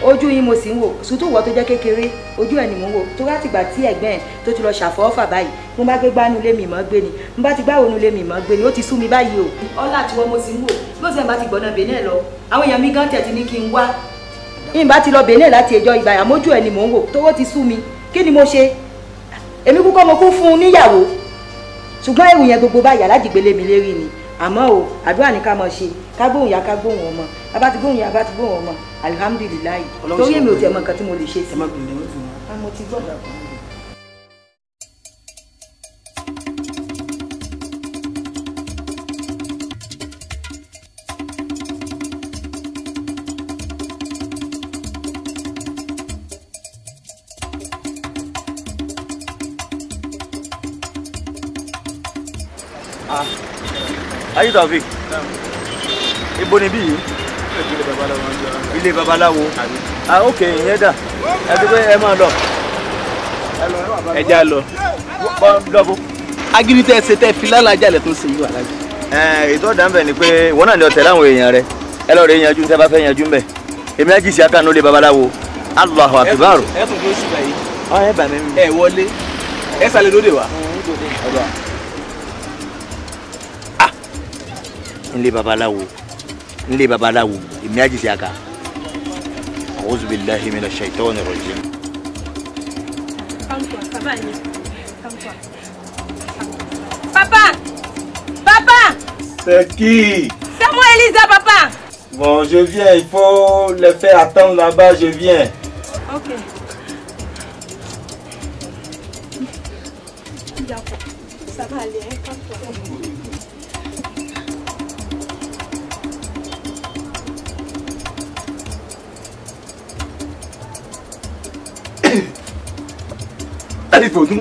ojú yín mo sì ń wò sùtù wọ́ tó jẹ́ kékeré ojú ẹ̀ ni mò ń wò tó láti gbà tí ẹ̀gbẹ́ ẹ̀ tó ti lọ ṣàfọwọ́fà báyìí mo bá gbé gbánú lé mi mọ́ gbé ni mo bá ti gbáwo nu lé mi mọ́ gbé ni ó ti sú mi báyìí o. ọlá tiwọn mo sì ń wò bó ṣe ń bá ti gbọ́nà bèlè lọ àwọn èèyàn mi gan tẹ̀ ti ní kí n wá. ìbá ti lọ bèlè láti ẹjọ́ ìgbà àmójú ẹ̀ ni mò ń wò tówó ti sú mi kí ni mo ṣe èmi kúkọ́ mo kún fún un níyàwó ṣùgbọ́n ẹ̀rù yẹn gbogbo báyìí alájìgbélé mi lérí ni àmọ́ o àdúrà ní ká mọ̀ ṣe kágbóhùn ya kágbóhùn ọmọ abá ti gbóhùn ya abá ti gbóhùn ọmọ alihamudulilayi torí èmi ò tiẹ̀ mọ nǹkan tí mo lè ṣe sí i. Ah, ti gbọ́dọ̀ kọ́. Are ah. you bó ni bí yìí. ilé babaláwo ah ok ìyẹn dà ẹ ti pé ẹ máa lọ ẹ já lọ dọ́bù. agiri tẹ ṣe tẹ fi lálàjà lẹ tó ṣe yìí wà lájú. ètò ọ̀dà ń bẹ̀ ni pé ìwọ náà ni ọ̀tẹ̀ láwọn èèyàn rẹ ẹ lọ́ọ́ rẹ yanjú tẹ́ bá fẹ́ yanjú ń bẹ̀ èmi á jì sí akáàánú ilé babaláwo Allahu akibaru. ẹ tún fi oṣù báyìí ẹ bà mí mi. ẹ wọlé ẹ sálẹ lóde wa. Ah! nílé babaláwo Il est là, il est là, il est là. Il est là, il est là. Rose, il est là, il est là, Comme toi, ça va aller. Comme toi. Papa Papa C'est qui C'est moi, Elisa, papa Bon, je viens, il faut le faire attendre là-bas, je viens. Ok. ça va aller, hein, Allez, pour nous.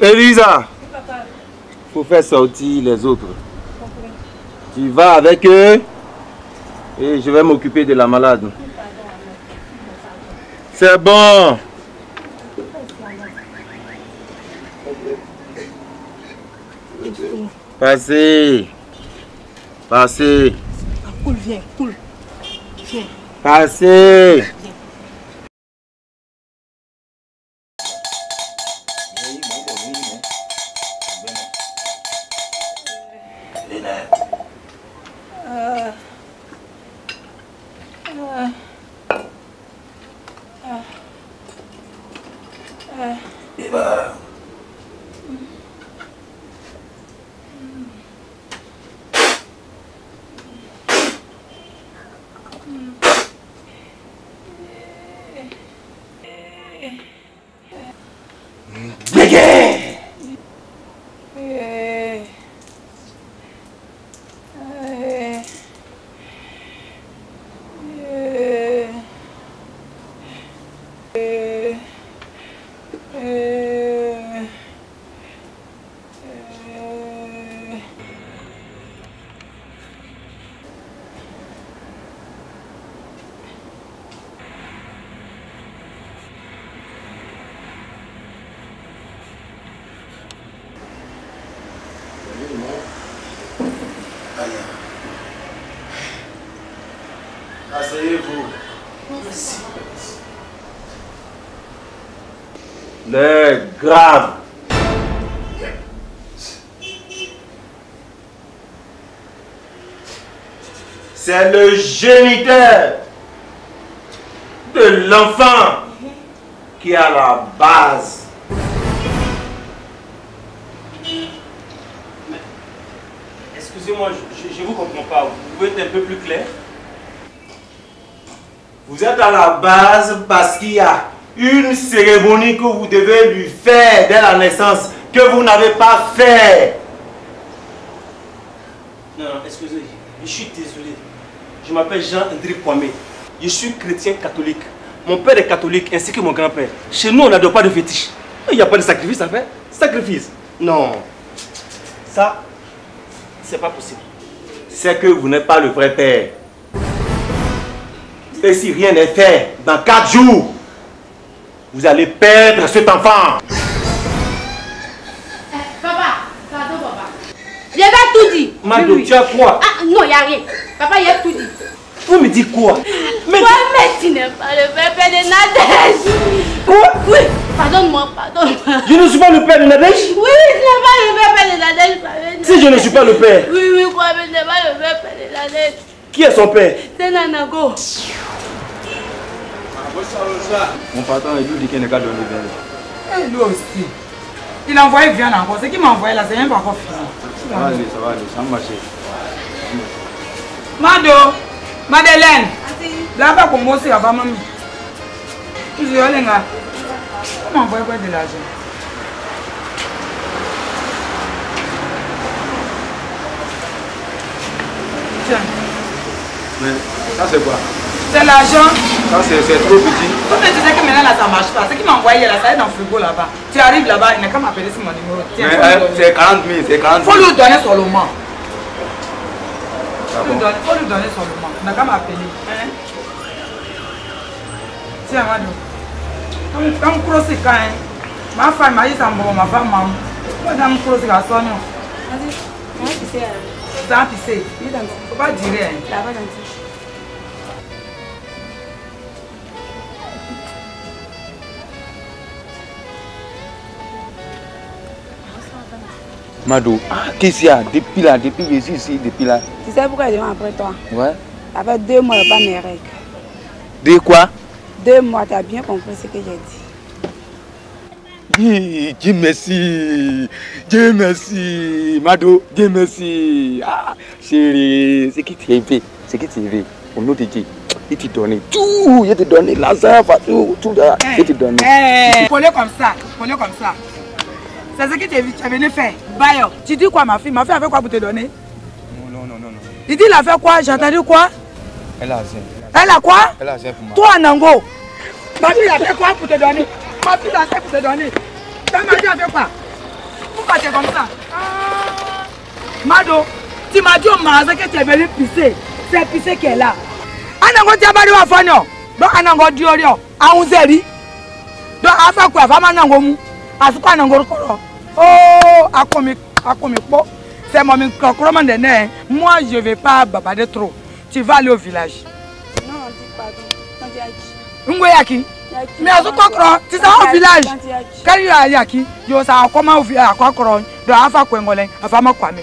Elisa, faut faire sortir les autres. Tu vas avec eux et je vais m'occuper de la malade. C'est bon. Passez. Passez. Ah, cool, viens, Viens. Passez. C'est le géniteur de l'enfant qui à la base. Excusez-moi, je ne vous comprends pas. Vous pouvez être un peu plus clair Vous êtes à la base parce qu'il y a une cérémonie que vous devez lui faire dès la naissance que vous n'avez pas fait. Non, non excusez, je suis désolé. Je m'appelle Jean-André Kwame. Je suis chrétien catholique. Mon père est catholique ainsi que mon grand-père. Chez nous, on n'adore pas de fétiche. Il n'y a pas de sacrifice à faire. Sacrifice Non. Ça, c'est pas possible. C'est que vous n'êtes pas le vrai père. Et si rien n'est fait, dans quatre jours, vous allez perdre cet enfant. J'ai vais tout dit! Mado, tu as quoi Ah non, il n'y a rien. Papa, il a tout dit. Vous me dites quoi mais... mais tu n'es pas le père de Nadège. Quoi Oui, pardonne-moi, pardonne-moi. Je ne suis pas le père de Nadège Oui, oui, tu n'es pas le père de Nadège. Si je ne suis pas le père Oui, oui, quoi, mais tu n'es pas le père de Nadège. Qui est son père C'est Nanago. Mon patron il lui qu'il qu'il a pas de l'hiver. Et eh, lui aussi. Il a envoyé viande encore. Ce qu'il m'a envoyé là, c'est même pas encore fini. Ça va aller, ça va aller, ça va marcher. Mado, Madeleine, ah, là-bas pour moi aussi, là-bas, maman. Je veux aller là. Vous m'envoyez quoi de l'argent Tiens. Mais ça c'est quoi C'est l'argent. Ça, c'est trop petit. Pourquoi tu sais que maintenant, là, ça marche pas Ce qui m'a envoyé là, ça est dans le frigo là-bas. Tu arrives là-bas, il n'a qu'à m'appeler sur mon numéro. Euh, c'est 40 000, c'est 40 000. Ah faut lui donner seulement. Faut lui donner, faut seulement. Il n'a qu'à m'appeler. Hein? Tiens, Mano. Ton croc, c'est quand Ma femme m'a dit ça, ma femme m'a dit. Pourquoi dans mon croc, c'est la sonne Vas-y, comment tu sais Ça, tu sais. Faut pas dire. Là-bas, dans le Mado, ah, qu'est-ce qu'il y a Depuis là, depuis que ici, depuis là. Tu sais pourquoi je viens après toi Ouais. Après deux mois, pas mes règles. Deux quoi Deux mois, tu as bien compris ce que j'ai dit. Oui, Dieu merci. Dieu merci. Mado, Dieu merci. Ah, chérie, c'est qui t'es fait C'est qui t'es fait Au nom de Dieu. Il t'a donné tout, il t'a donné l'argent, tout, tout, il t'a donné. Hey, hey. Prenez comme ça, prenez comme ça. Sasakete Chavenefe, Bayo, tu dis quoi ma fille Ma fille a fait quoi pour te donner Non, non, non, non. Il dit, il a fait quoi J'ai entendu quoi Elle a zé. Elle a quoi Elle a zé pour moi. Toi, Nango, ma fille a fait quoi pour te donner Ma fille a fait pour te donner. Ta ma fille a fait quoi Pourquoi t'es comme ça ah. Mado, tu m'as dit au magasin que tu es venu pisser. C'est pisser qui est là. Anango, tu as pas de ma femme, non Donc, Anango, tu as dit, on s'est dit. Donc, à faire quoi Femme, Anango, mou àsìkò àná ngorúkọ rọ ó akọmi akọmi pọ sẹmọ mi kàn kúrọmọ nẹnẹ moi je vais pas babade trop tu vas aller au village. non dis pardon ngwe yaki mi àsìkò kọrọ ti sa au village kẹrin yà yaki yóò sa akọmọ akọkọrọ dọ afa kọngọlẹ afa ma kwami.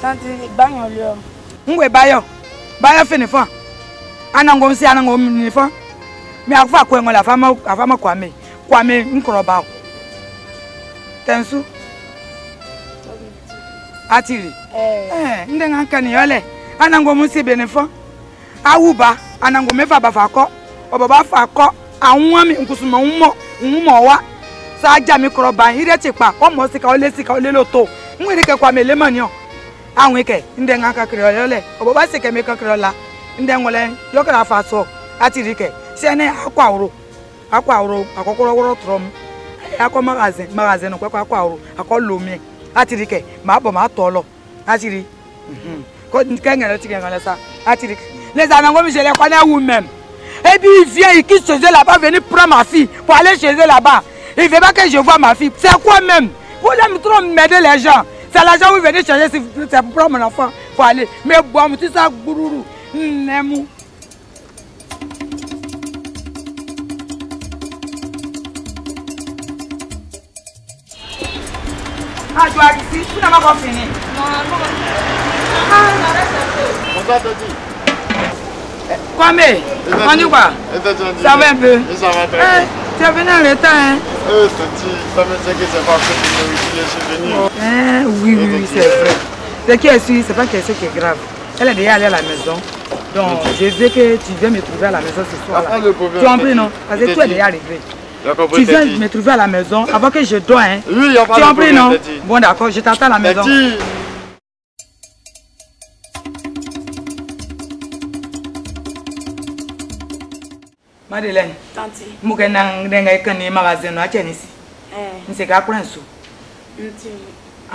tanti gbanyan lọ. ngwe bayo bayo fini fún anango si anango nifọ mi akọfọ akọngọlẹ afa ma kwami kwami nkọrọ báwo. Tansu. Atiri. Eh. eh. Nde nga kani yole. Anango munsi benefo. Awuba anango mefa bafako. Obaba fako. Awun mi nkusuma ummo. wa. aja mi kroba sika ole sika ole loto. Nwere ke kwa mele manyo. Awun ike nde Sene akọ magazin magazin nù pẹ́pẹ́ akọ àwòrán akọ lomi láti rí kẹ̀ màá bọ̀ màá tọ̀ lọ láti rí mhm. kẹ́ngẹ̀ lọ ti kẹ́ngẹ̀ lọ sa láti rí lẹ́sà náà wọ́n mi ṣẹlẹ̀ kọ́ náà wù mẹ́m ebi ìfẹ́ yìí kí ṣèṣe làbá fẹ́ ní púrọ́ màá fi bọ́ alẹ́ ṣèṣe làbá ìfẹ́ bá je ṣèṣe ma fi c'est quoi même vous aimez trop m'aider les gens c'est l'argent où vous venez chercher c'est pour prendre mon enfant pour aller mais bon tu sais gourou nemu àjọ àdìsí fún àmọ́ kan Ça Kwame un peu. tí a fi náà rẹ̀ tán ẹ. Euh, c'est ça me dit que c'est pas fait pour me retirer chez Béni. Eh, oui, oui, oui, c'est vrai. C'est qui elle suit? c'est pas qu'elle sait qui est grave. Elle est déjà allée à la maison. Donc, je sais que tu viens me trouver à la maison ce soir ah, Tu en prie, non Parce que tout est déjà arrivé. Tu viens me trouver à la maison avant que je dois, hein Oui, il n'y a pas tu de problème, prie, non Bon, d'accord, je t'attends à la maison. Madeleine, Tanti. muke na ndenga ikani magazine wa chenisi. Eh. Nseka kula nsu. Nti.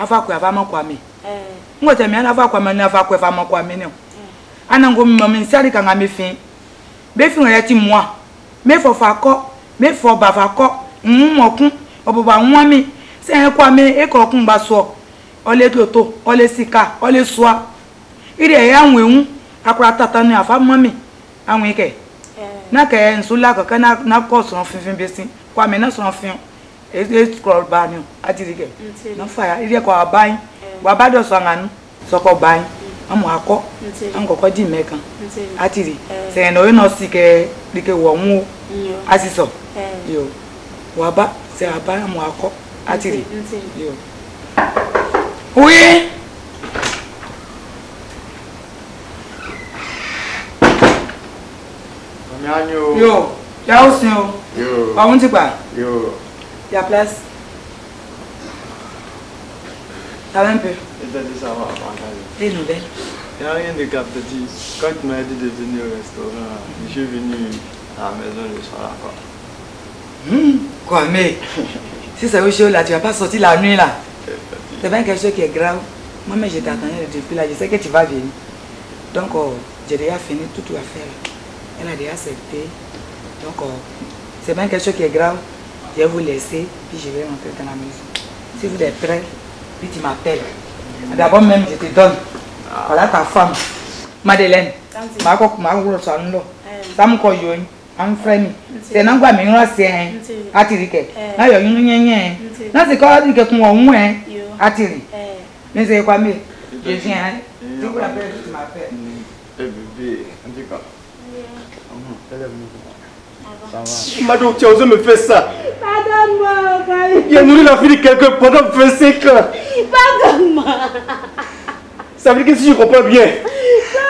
Afa kwa ba makwami. Eh. Ngote mi ana afa kwa mani afa kwa fa makwami ne. Eh. Ana ngomi mami nsari kanga mefi. Befi ngaya ti moi. Me fo fa ko mefọ bafa kọ mmụmọkụ ọbụba nwa mi si ekwa mee ịka ọkụ mgba sụọ olegoto olesika olesụa ire ya nwenwu akwara tatanu afa mami anwike eh. na ka ya nsula kọkẹ na kọ sọrọ finfin besi kwami na sọrọ fin e esukọrọ bani adirike na faya ire kọ abayin eh. wabadọsọ nganu sọkọ bayin amu akɔ ankɔkɔ di mɛ kan atiri sɛnɛ oye nɔsi kɛ mu wɔmu asisɔ yo waba sɛ aba amu akɔ atiri yo oye. yo yawo sin o ọ̀hún ti gbà yà place yà lẹ́nu pẹ̀lú. vais te dire ça va Des nouvelles Il n'y a rien de captatif. Quand tu m'as dit de venir au restaurant, je suis venu à la maison le soir encore. quoi, mais si c'est au chaud là, tu vas pas sortir la nuit là. C'est bien quelque chose qui est grave. Moi-même, je t'attendais depuis là, je sais que tu vas venir. Donc, oh, j'ai déjà fini tout toute faire. Elle a déjà accepté. Donc, oh, c'est bien quelque chose qui est grave. Je vais vous laisser, puis je vais rentrer dans la maison. Si vous êtes prêts, puis tu m'appelles. d'abord même àdàbọ̀ mẹ́mi tètè voilà ta femme Madeleine màá kọ́ màá wúrọ̀ tó à ń lọ sámúkọ yòóyìn à ń fẹ́ mi tẹ̀nà gbà mí rán sí ẹ̀ àti rìkẹ̀ láyọ̀ yín yẹ́yẹ́ ẹ̀ láti kọ́ ìkẹ̀kùn ọ̀hún ẹ̀ àti rì ní tu kwami jésì ẹ̀ tí wúrà bẹ́ẹ̀ tó ti máa fẹ́. Madou, tu as osé me faire ça. Pardonne-moi, Il a nourri la fille de quelqu'un pendant 25 ans. Pardonne-moi. Ça veut dire que si je comprends bien,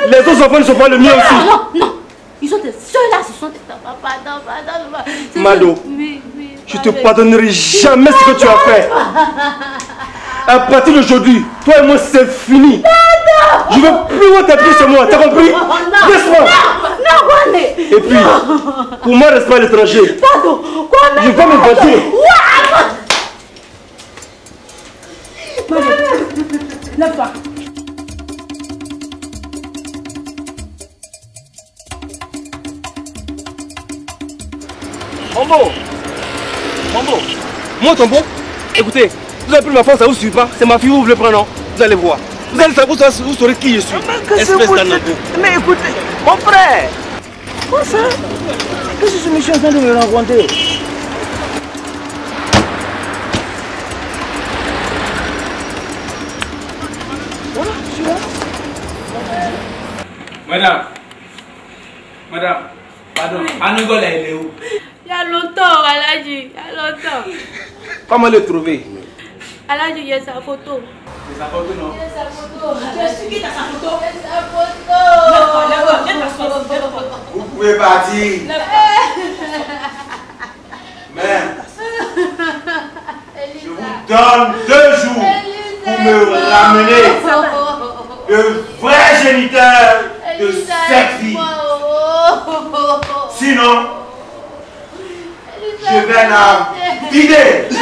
les autres enfants ne sont pas le mien aussi. Non, non, Ils sont tes seuls! là ce sont tes enfants. pardonne-moi. Madou, Je ne je te pardonnerai jamais ce que tu as fait. À partir d'aujourd'hui, toi et moi, c'est fini. Non, Je veux plus voir ta pied sur moi, t'as compris Laisse-moi Non, non, Et puis, pour moi, reste pas à l'étranger. Pardon, Je vais me battre. Maman, lève-toi. Mambo Mambo Moi, Tombo, écoutez, vous avez pris ma force, ça vous suit pas. Hein. C'est ma fille, vous voulez prendre, non Vous allez voir. Vous allez savoir, vous saurez qui je suis. Mais, mais écoutez, mon frère. Quoi ça Qu'est-ce que ce monsieur est en train de me rencontrer Voilà, je suis là. Madame. Madame. Pardon. Anugola, elle est où Il y a longtemps, dit. Il y a longtemps. Comment le trouver alors, il y sa photo. sa photo, non Il sa photo. Je sa photo Il y a sa photo. Vous pouvez partir. Mais Je vous donne deux jours pour me ramener le vrai géniteur de cette fille. Sinon, je vais la vider.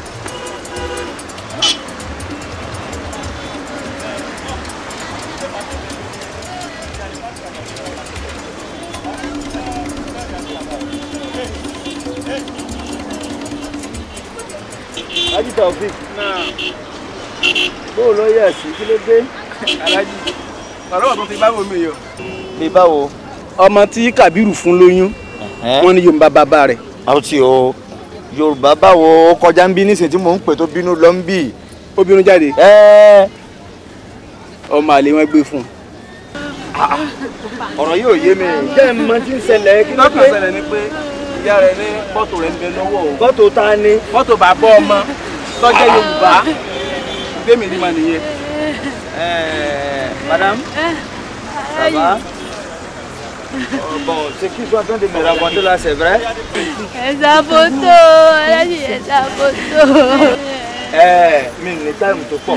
Aji Taofik. Bóò ló yẹ̀ sí kí ló dé? Alájí, ọ̀rọ̀ tó fi báwo mi yọ. Bí báwo? Ọmọ tí Kàbírù fún lóyún, wọ́n ní Yorùbá bàbá rẹ̀. Àwọn tí o Yorùbá báwo ó kọjá ń bí nísìnyí tí mò ń pè tó bínú lọ ń bì. Ó bínú jáde. Ọmọ àlè wọn gbé fún un ah, ah. ọ̀rọ̀ yóò yé mi. jẹ́ ẹ̀ mọ tí ń ṣẹlẹ̀ kí ló pé. lọ́kàn ṣẹlẹ̀ ni pé ìyá rẹ ní fọ́tò rẹ ń bẹ lọ́wọ́ o. fọ́tò ta ni. fọ́tò bàbá ọmọ tọ́jẹ́ Yorùbá gbẹ̀mí ni mà nìyẹn. madam baba bon ce qui soit en de me raconter là c'est vrai. ẹ̀sà fọ́tò ẹlẹ́sìn ẹ̀sà fọ́tò. mi ní táìmù tó pọ̀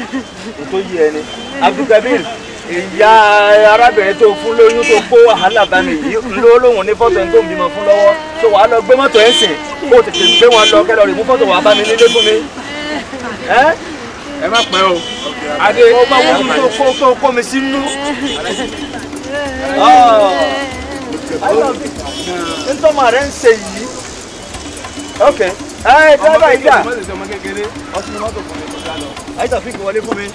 ètò yìí ẹni Abdulkabir ìyá arábìnrin tó fún lóyún tó kó wàhálà bá mi yìí ló lóhùn ní fọ́tò ẹni tó ń bímọ fún lọ́wọ́ tó wàá lọ gbé mọ́tò ẹ̀ sìn kó tètè gbé wọn lọ kẹ́lọ́ rè mú fọ́tò wàá bá mi nílé fún mi. ẹ má pẹ́ o adé ó bá wọ́n tó kó tó kó mi sínú. Oh. ntọ́mọ rẹ̀ ń ṣe yìí ok ẹ dẹ́rẹ́bà yìí dà ọtí mọ́tò kan lè kọjá lọ. àyíṣà fi wọlé fún mi.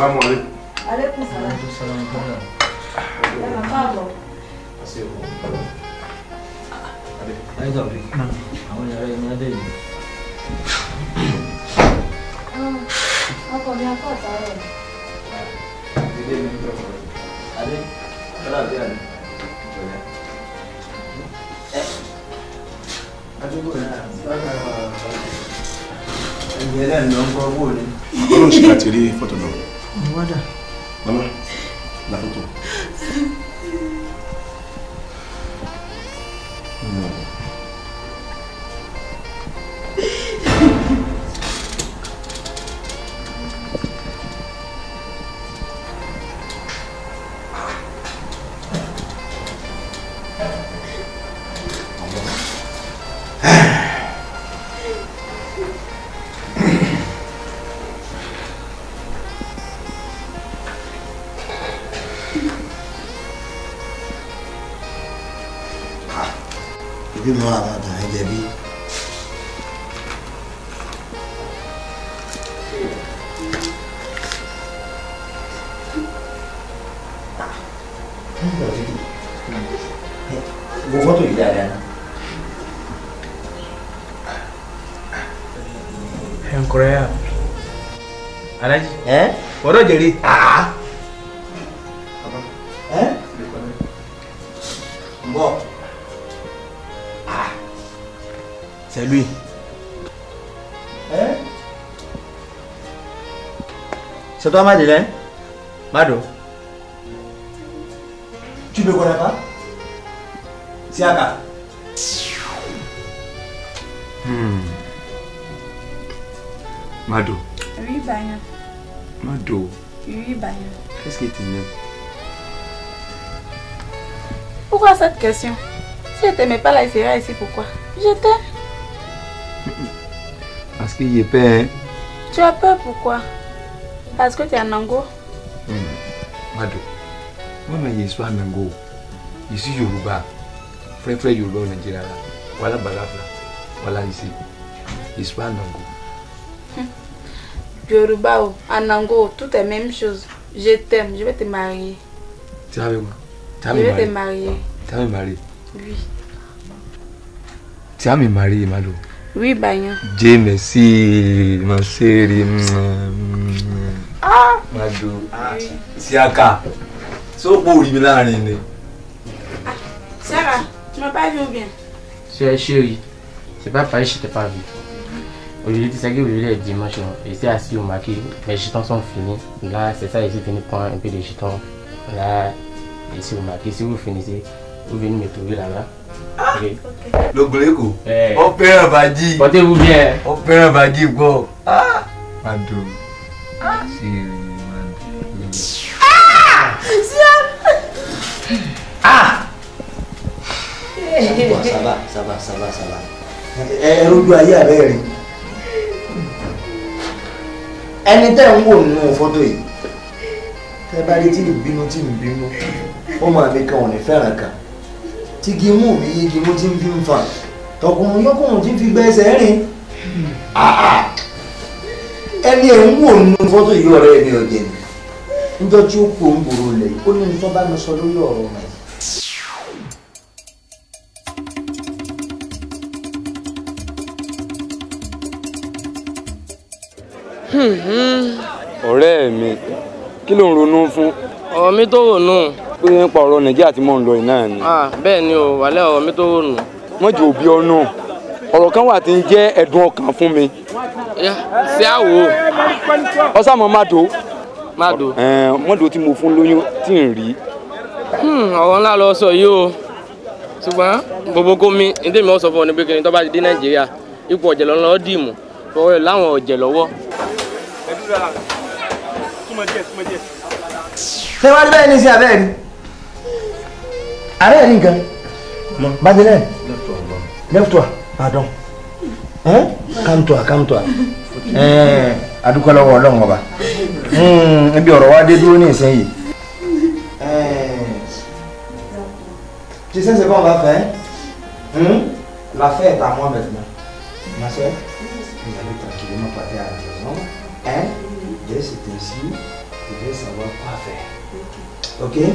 Vamos a ver. toi Madeleine madou, Tu me connais pas Siaka hmm. Mado Oui, bien, madou, Oui, bien, Qu'est-ce qui t'énerve Pourquoi cette question Si je t'aimais pas là, il serait ici pourquoi Je t'aime. Parce qu'il y a peur. Hein. Tu as peur pourquoi parce que tu es un Nango. Mmh. moi, je suis un Nango. Je Yoruba. Frère, frère Yoruba au là. Voilà Balafra. Voilà ici. Je suis un Nango. Mmh. Yoruba, Anango, oh, oh, tout est même chose. Je t'aime, je vais te marier. Tu es avec moi Tu vais me marier. Tu as me marier Oui. Tu as me marier, Malo. Oui, Bagnon. Dieu merci, ma chérie. Ah! Madou. Ah. Siaka. So beau, il Ah, Sarah, tu m'as pas vu ou bien? Chérie, chérie, c'est pas pareil, je t'ai pas vu. Aujourd'hui, c'est sais que aujourd'hui est dimanche, hein. j'étais assis au marquis. mes jetons sont finis. Là, c'est ça, j'ai venu prendre un peu de jetons. Là, ici au marquis. si vous finissez, vous venez me trouver là-bas. Ah, lógun lẹ́kọ̀ọ́ ọ eh. fẹ́ràn bàjí pọ̀tẹ́bù bí ẹ ọ fẹ́ràn bàjí gbọ́ àdó ah. ah. sí rí wọn. sábà sábà sábà sábà ẹ ẹ rojú ayé abẹ́ rí ẹni tẹ́ ń wò nínú fọ́tò yìí tẹ́ bá rí tí ń bínú tí ń bínú ó máa fi kan ò ní fẹ́ràn kan tí gimú mi gimú ti ń fi ń fà tọkùnrin yọkùnrin ti fi gbẹ́sẹ̀ rìn ẹni ẹ̀ ń wò nínú fọ́tò yìí ọ̀rẹ́ mi ọ̀jẹ̀ ni níjọ́ tí ó kú òun gbòòrò lẹ̀ ó ní nítorí bá mi sọ lórí ọ̀rọ̀ rẹ̀. Hmm, hmm. ọ̀rẹ́ mi kí ló ń ronú fún. ọ̀rọ̀ mi tó rònú pé nípa ọ̀rọ̀ nàìjíríà tí mò ń lọ yìí náà ni. Ah, bẹ́ẹ̀ ni o wàlẹ́ ọ̀rọ̀ mi tó wò nù. wọ́n jò bí ọ̀nà ọ̀rọ̀ kan wà tí ń jẹ́ ẹ̀dùn ọkàn fún mi. ṣé àwò. ọ̀sàmọ̀ màdò. màdò. màdò tí mo fún lóyún tí ń rí. Hmm, ọ̀rọ̀ ńlá lọ sọ yìí o ṣùgbọ́n gbogbo gómi ní tèmi ọ̀ sọ fún ọ ní pé kí ni dé nàìjíríà ipò ọ̀jẹ̀ lọ́nà ọ́ fọwọ́ láwọn ọ̀jẹ̀ lọ́wọ́. ṣé wàá bẹ́ẹ̀ ní sí abẹ́ẹ̀ ni ààrẹ rí nǹkan Madeleine left wa pardon calm to her calm to her adúpẹ́ lọ́wọ́ ọlọ́run ọba hmm, ibi ọ̀rọ̀ wa dé dúró ní ìsinyìí. tu sais ce qu'on va faire hmm? la fête à moi maintenant ma soeur vous allez tranquillement partir à la maison hein dès cet ainsi vous devez savoir quoi faire ok, okay?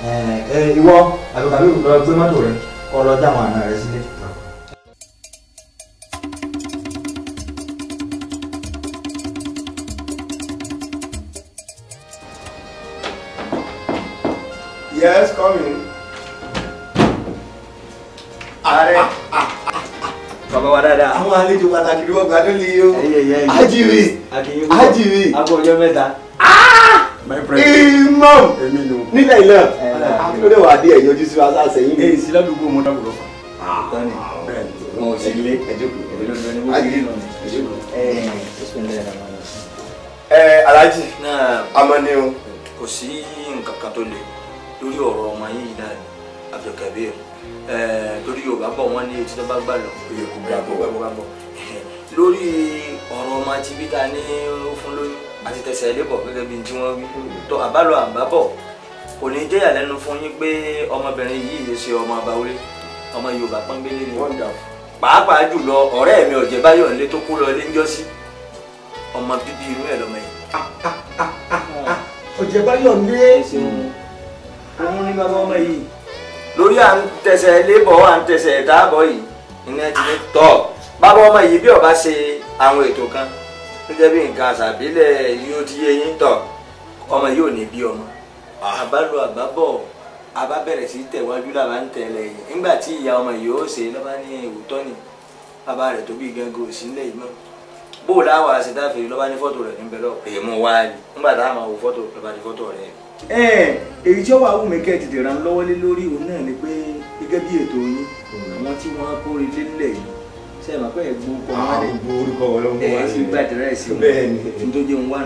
Eh, eh, ìwọ àbíkàbí lọ gbé mọ́tò rẹ kó lọ dá àwọn àna rẹ sílé. Yes, come in. Ààrẹ. Bàbá wa dáadáa. Àwọn àlejò pàtàkì ló wọ́pẹ́ adó lè o. Ajiwe. Ajiwe. Agbọ̀njọ́ mẹ́ta. Ah! My friend. Imam. Èmi nù. Nílẹ̀ ilẹ̀ akílódé wà dé ẹ̀yọ́ ojú sí wa sá sẹ́yìn mi. èyí sí lábẹ́ gbogbo ọmọdé àbúrò fà. Ah, tani wọn ò sí ilé ẹjọ́kù ẹjọ́kù. ẹ alájì amani o. kò sí nǹkan kan tó le lórí ọ̀rọ̀ ọmọ yìí náà Abdulkabir eh, torí Yorùbá bọ̀ wọ́n ní etí tó bá gbà lọ. oyè kò gbà bọ̀ wọ́n bá bọ̀ lórí ọ̀rọ̀ ọmọ tibí ta ní fún lóyún àti tẹ̀sẹ̀ ilé bọ̀ gẹ́gẹ́ bí tí wọ́n wí tó àbálò àbábọ̀ kò ní jẹ́ ìyàlẹ́nu fún yín pé ọmọbìnrin yìí lè ṣe ọmọ àbáwọlé ọmọ yorùbá pọ́nbélé ni pàápàá jùlọ ọ̀rẹ́ mi ọ̀jẹ̀ báyọ̀ ńlẹ́ tó kó lọ ilé ńjọ́sí ọmọ bíbí inú ẹ̀ lọ́mọ yìí. Ah, ah, ah, ọ̀jẹ̀ báyọ̀ ńlẹ́ òun ni bàbá ọmọ yìí. lórí à ń tẹsẹ̀ lébọ̀ à ń tẹsẹ̀ ìdáàbọ̀ yìí iná ti ní tọ̀ bàbá ọmọ yìí bí ọba ṣe àwọn ètò kan gẹ́gẹ́ bí nǹkan àṣàbílẹ̀ yóò ti yé yín tọ̀ ọmọ yìí ò ní bí ọmọ àbálò àbábọ̀ àbá bẹ̀rẹ̀ sí tẹ̀wájú làbá ń tẹ̀lé yìí nígbà tí ìyá ọmọ yìí ṣe lọ́ba ní ìwòtọ́ ni bàbá rẹ̀ tó bí gangan ò sí nílẹ̀ yìí mọ́ bó o láwàá ṣe dáfẹ́ lọ́ba ní fọ́tò rẹ̀ níbẹ̀ lọ èyí mú wá ní nígbà tá a máa wo fọ́tò lọ́ba ní fọ́tò rẹ̀. ẹ èyí tí ó wà wùmí kẹ́ ẹ̀ tètè ràn lọ́wọ́ lé lórí òun náà ni pé gẹ́gẹ́ bí ètò yín àwọn tí wọ́n kórè lé nílẹ̀ yìí ṣe mọ̀ pé ẹ̀gbọ́n kọ́ wọn lè ah, gbọ́ orúkọ wọn lọ́wọ́ wá sí i bẹ́ẹ̀ ni nítorí wọn wà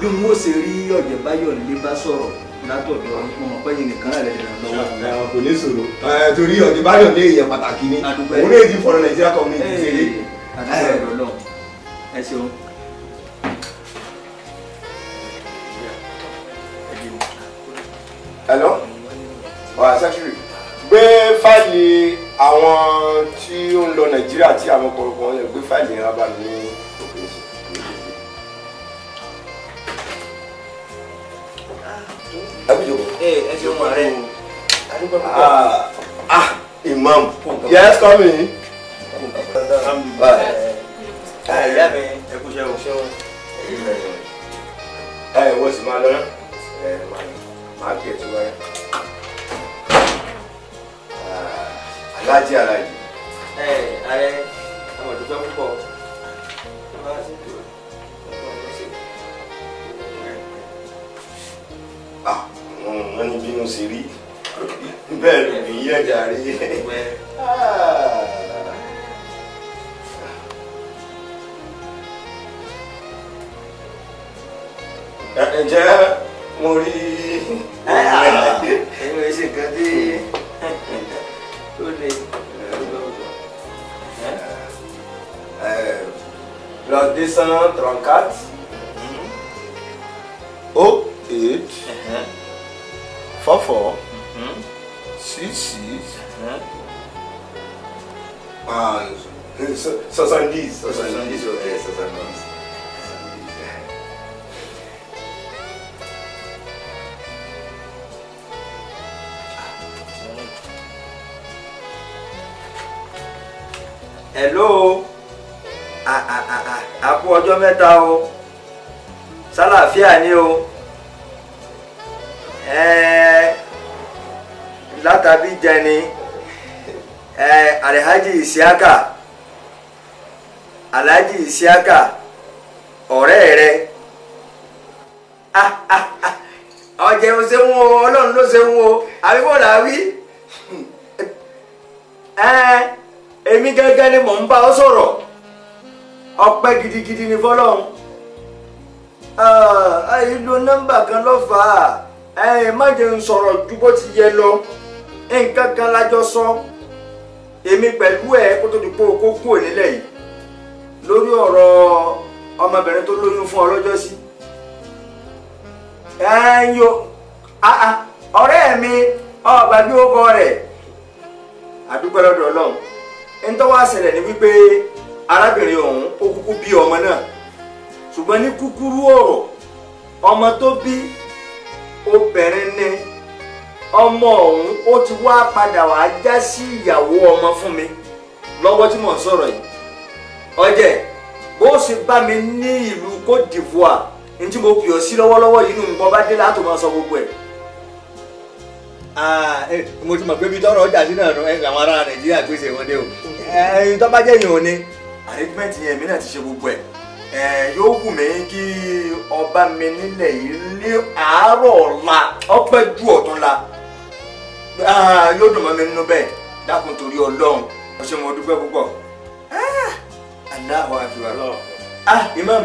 nù bí wọn ó ṣe rí ọ̀jẹ̀ báyọ̀ nílé bá sọ̀rọ̀ látọ̀dọ̀ mo mọ̀ pé yìí nìkan rẹ̀ lè lọ́wọ́. kò ní sòrò torí ọ̀dẹ báyọ̀ lé èèyàn pàtàkì ni òun lè di fọ̀rọ̀ nàìjíríà community ṣeré. àdúgbò ẹ̀rọ ẹ ṣeun. hello wà sẹ́kírì gbé fáìlì àwọn tí ó ń lọ nàìjíríà tí àwọn kọ̀ọ̀kan lè gbé fáìlì yẹn bá mi Eh, ẹ kú jòkó. ẹ ẹ ṣe wọn rẹ. ah imam yes come in. Ah, ìyá mi ẹ kú ṣe wọn. ẹ eh, wọ́n sì máa lọ náà. Eh, ẹ máa kí ẹ tó wáyé. Ah, alájí alájí. ẹ ààrẹ àwọn òdùgbẹ́ púpọ̀. Ah wọ́n ní bínú sí rí bẹ́ẹ̀ ló ní yẹ̀dà rí. ǹjẹ́ mo rí ẹ̀yin ẹ̀ ṣe nǹkan tí ó lè eh, lọ deux cent trente-quatre. Mm-hmm. Oh, four four mm-hmm. six six mm-hmm. and sọsandis sọsandis ok sọsandis. hello a a a a kú ọjọ́ mẹ́ta o sálàáfíà ni o. látàbí jẹni alihaji isiaka alhaji isiaka ọ̀rẹ́ rẹ ọjẹ o ṣeun o ọlọ́run ló ṣeun o àbíkó là á wí èmi gẹ́gẹ́ ni mò ń bá ọ sọrọ ọpẹ́ gidigidi ni fọlọ́run ìlú nọ́mbà kan ló fà á. ẹ má jẹ́ ń sọ̀rọ̀ ju bó ti yẹ lọ nǹkan kan lájọ sọ èmi pẹ̀lú ẹ kó tó di pé okó kúrò nílẹ̀ yìí lórí ọ̀rọ̀ ọmọbìnrin tó lóyún fún ọ lọ́jọ́ sí ọ̀rẹ́ mi ọba bí ó kọ rẹ̀ àdúgbò lọ́dọ̀ ọlọ́run ń tọ́ wá ṣẹlẹ̀ ní wípé arábìnrin ọ̀hún ó kúkú bí ọmọ náà ṣùgbọ́n ní kúkúrú ọ̀rọ̀ ọmọ tó bí obìnrin ni ọmọ ọ̀hún ó ti wá padà wá já sí ìyàwó ọmọ fún mi lọ́wọ́ tí mò ń sọ̀rọ̀ yìí ọjẹ́ bó ṣe bá mi ní ìlú Côte d'Ivoire ní tí mo pè ọ́ sí lọ́wọ́lọ́wọ́ yìí nù ń bọ́ bá dé látò máa sọ gbogbo ẹ̀ mo ti mọ̀ pé ibi tọrọ ọjà sí náà làwọn ará nàìjíríà gbèsè wọn dé o tó bá jẹ́ yìí òun ni. àrígbẹ́ǹtì yẹn mi náà ti ṣe gbogbo ẹ̀ yóò wù mí kí ọba mi nílẹ̀ yìí ní àárọ̀ ọ̀la ọpẹ́ ju ọ̀tún la yóò dùn mọ́ mi nínú bẹ́ẹ̀ dákun torí ọlọ́run ọ̀sẹ̀ mo dúpẹ́ púpọ̀ ah, aláhùn àfihàn ah imam.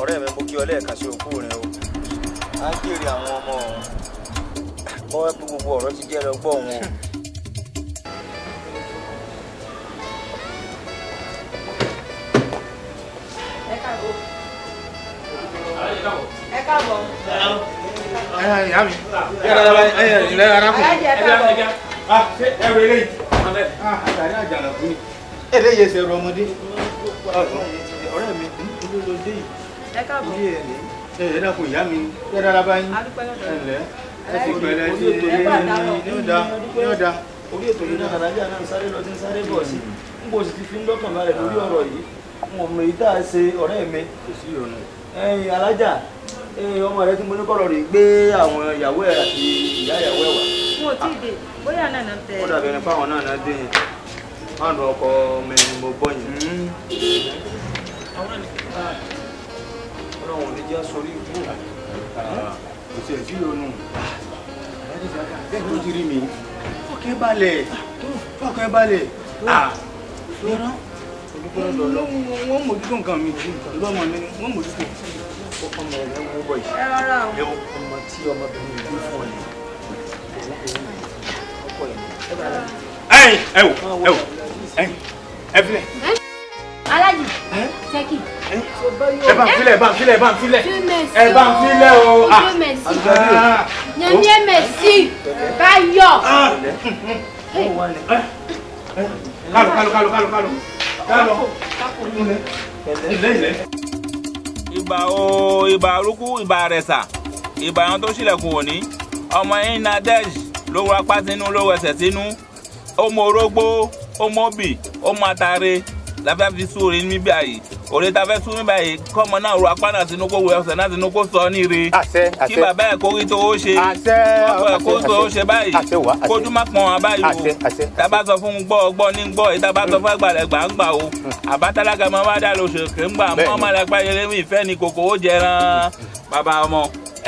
ọ̀rẹ́ mi mo kí ọ lẹ́ẹ̀kan sí òkú rẹ o à ń jèrè àwọn ọmọ mọ́ wá pé gbogbo ọ̀rọ̀ ti jẹ́ lọ́gbọ́ òun o. ẹ káàbọ̀. ẹ káàbọ̀. ẹ ẹ yà mí. ẹ ẹ ẹ ilẹ̀ arákùnrin. ẹ jẹ́ káàbọ̀. ẹ wẹ̀lẹ̀ ah, yìí. Ah, àtàrí àjàlá fún mi. eléyìí ẹsẹ̀ rọ ọmọdé. ọ̀rẹ́ mi ló lọ dé yìí ẹ káàbọ̀ ilé ẹ ní ẹ dákun ìyá mi yẹ dára báyìí ẹ ǹlẹ́ ẹ sì pẹ̀lẹ́ sí yóò da yóò da orí ètò yìí náà nàìjíríà náà ń sáré lọ sí ń sáré bọ̀ sí n kò sì ti fi ń lọ́kàn balẹ̀ lórí ọ̀rọ̀ yìí n ò mọ èyí tá a ṣe ọ̀rẹ́ mi ẹ̀yin alájà ọmọ rẹ tí mo ní kọ́rọ̀ rè gbé àwọn ìyàwó ẹ̀ àti ìyá ìyàwó ẹ̀ wá. wọn ò bóyá náà náà tẹ. wọ́n dàbí fáwọn náà náà dé yẹn márùn-ún ọkọ ọmọ ẹni mo bọ́ yẹn. Hmm ọlọ́run ò ní jẹ́ sórí ìlú kò sí ẹ̀jú ìrònú bẹ́ẹ̀ tó jírí mi fọkẹ́ balẹ̀ fọkẹ́ balẹ̀ lọ́rọ́ wọ́n mójútó nǹkan mi lọ́wọ́ ọmọ mi wọ́n mójútó ọkọ mi rẹ̀ wọ́n bọ̀ yìí ẹ ọmọ tí ọmọbìnrin yìí fọ́ ni ọkọ yìí. ẹ̀yin ẹ wò ẹ wò ẹ̀yin ẹ alájì sẹ́kì. ẹ bá ń filẹ̀ ẹ bá ń filẹ̀ ẹ bá ń filẹ̀ ẹ bá ń filẹ̀ o. Ah! Ah! yẹnyẹ mẹsì báyọ̀. Ah! kálọ̀ kálọ̀ kálọ̀ kálọ̀ kálọ̀ kálọ̀ ilé ilé. ibà o ibà arúgbó ibà rẹ̀sà ibà àwọn tó ṣílẹ̀kùn òní ọmọ inadej ló wọ apá sínú ló wẹsẹ̀ sínú ó mọ orógbó ó mọ bì ó mọ atare la fẹ́ fi sú oore níbí báyìí oore ta fẹ́ sú níbí báyìí kọ́mọ náà ro apá náà sínú kó wẹ ọ̀sẹ̀ náà sínú kó sọ ní re kí bàbá ẹ̀ kó rí tó ó ṣe ọkọ̀ ẹ̀ kó tó ó ṣe báyìí kójú má pọ̀n wọn báyìí o tábà sọ fún gbọ́ ọgbọ́ ní gbọ́ yìí tábà sọ fún àgbàlẹ̀ gbà ń gbà o hmm. àbátálága máa wá dà lóṣù kì ń gbà mọ́ ọmọ rẹ̀ pẹ́ yẹlé ìfẹ́ ni kòkó ó jẹran hmm. bàbá ọmọ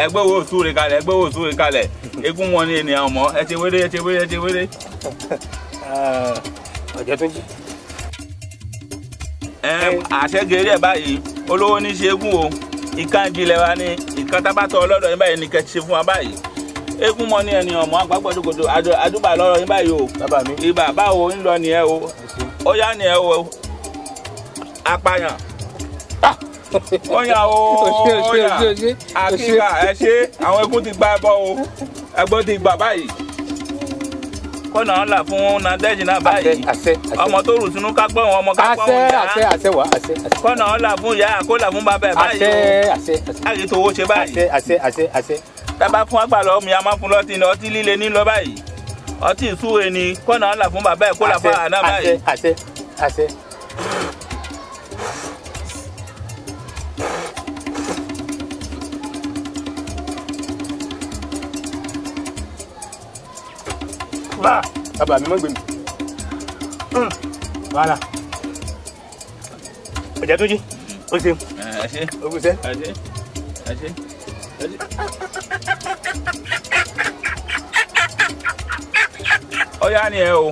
ẹgbẹ́ wo súre kalẹ̀ ẹgbẹ́ wo súre kalẹ̀ hmm. egun wọn ni ènìyàn ọmọ ẹ ti wéré ẹ ti wéré ẹ ti wéré. ọjọ́ tó jí àṣẹgẹrẹ báyìí olówó ní ṣẹ́gun o ìkànjilẹ̀ wa ni ìkan tábàtọ̀ ọlọ́dọ̀ yín báyìí ní kẹ́ fún wa báyìí eégún mọ ní ẹni ọmọ àgbàgbọdọgbọdọ àdúbà lọrọ yín báyìí o ibà báwo ń lọ nìyẹn o ó yá nìyẹn o apààyàn ọyàn ah! o ọyàn àkíkà ẹ ṣe àwọn eégún ti gbà ẹbọ o ẹgbọn ti gbà báyìí kọ́nà ọ̀la fún nadẹ́jì náà báyìí ọmọ tó rù sínú ká gbọ́ ọmọ ká gbọ́ ọ̀hún yá àṣẹ àṣẹ wà àṣẹ àṣẹ kọ́nà ọ̀la fún yá àkólà fún bàbá ẹ̀ báyìí àṣẹ àṣẹ àṣẹ àṣẹ tó ṣe báyìí àṣẹ àṣẹ àṣẹ. tábà fún agbálọ ọmọ yàrá fún lọtí ni ọtí líle ní lọ báyìí ọtí ìsúre ni kọ́nà ọ̀la fún bàbá ẹ̀ kólà fún àná báyìí. àṣẹ àṣẹ àṣẹ. bàbá mi mọ̀ gbé mi hmm, wàhálà ọjà tó jí o ṣeun o kù Oh ọyá ni ẹ o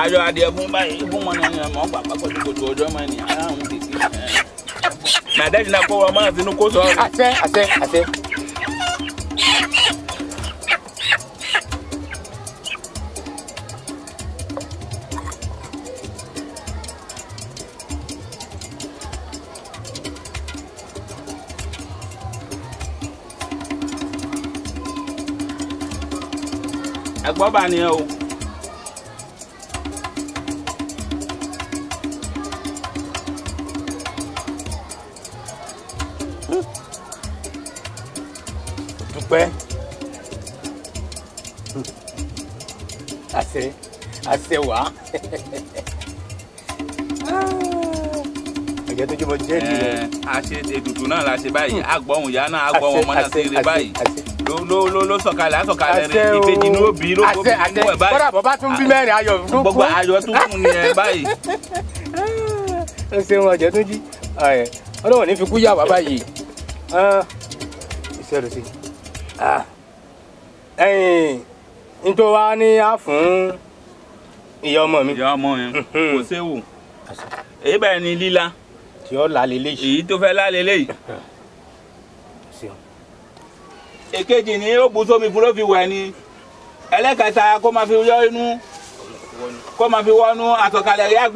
àjọ adìẹ fún báyìí fún wọn ni ọmọ ọgbà pápákọ̀ kòtò ọjọ́ mọ́ ẹni aláwọn tètè. nàdẹ́jì náà kó wọn máa sínú kó sọ ọ́. àṣẹ àṣẹ àṣẹ. àpọ́bà nìyẹn o. dúpẹ́ àṣẹ àṣẹ wàá ìjẹ́ tó jẹ́ bọ́ jẹ́ nìyẹn. àṣe ètùtù náà la ṣe báyìí àgbọ̀hùn hmm. ìyá náà àgbọ̀hùn ọmọ náà sí rí báyìí ló ló ló sọ̀kalẹ̀ àsọ̀kalẹ̀ rẹ̀ ìbejì ní òbí ló kó bí mú ẹ báyìí. kódà bàbá tún bí mẹ́rin ayọ̀ tó kú. gbogbo ayọ̀ tó kù ni ẹ báyìí. ó ṣe wọn ọjọ́ tó jí ọlọ́wọ̀n ní fi kú yà wá báyìí ìṣẹ̀lẹ̀ sí ẹ̀yìn nítorí wá ní á fún ìyá ọmọ mi. ìyá ọmọ yẹn kò séwò èyí bẹ́ẹ̀ ni líla. èyí tó fẹ́ lá lélẹ́yìí. èkejì ní ó bu sómi fún ló fi wẹ̀ ni ẹlẹ́kẹta kó máa fi yọ inú kó máa fi wọnú àtọ̀kalẹ̀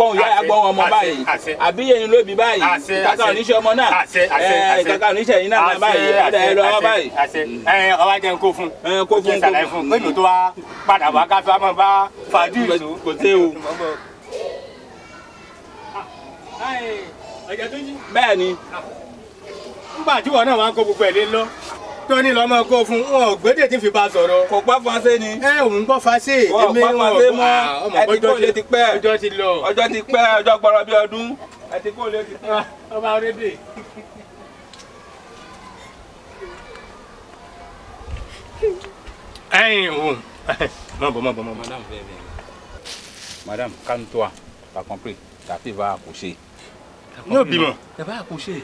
ọmọ báyìí àbí yẹn ló báyìí kàkà oníṣẹ́ ọmọ náà kàkà oníṣẹ́ yìí náà báyìí ọ̀dà ẹ̀ lọ́wọ́ báyìí. ọba fún kó fún kó fún pé tó padà wá máa bá ìṣó. kò o. bẹ́ẹ̀ ni. nígbà tí wọn náà ń kó tó ní lọ́mọ kó fún wọn ò gbédè tí fi bá sọ̀rọ̀. kò pa fase ni. ẹ òun kò fase. wọn ò pa fase mọ ah, ẹ ti kó lé ti pẹ́ ọjọ́ ti lọ ọjọ́ ti pẹ́ ọjọ́ gbọ́rọ̀ bí ọdún ẹ ti kó lé ti pẹ́. Ah, ọba rédè. ẹyin o mọ bọ mọ bọ mọ bọ. madam calme toi t'as compris ta fille va accoucher. n y'o bímọ. ẹ b'a accoucher.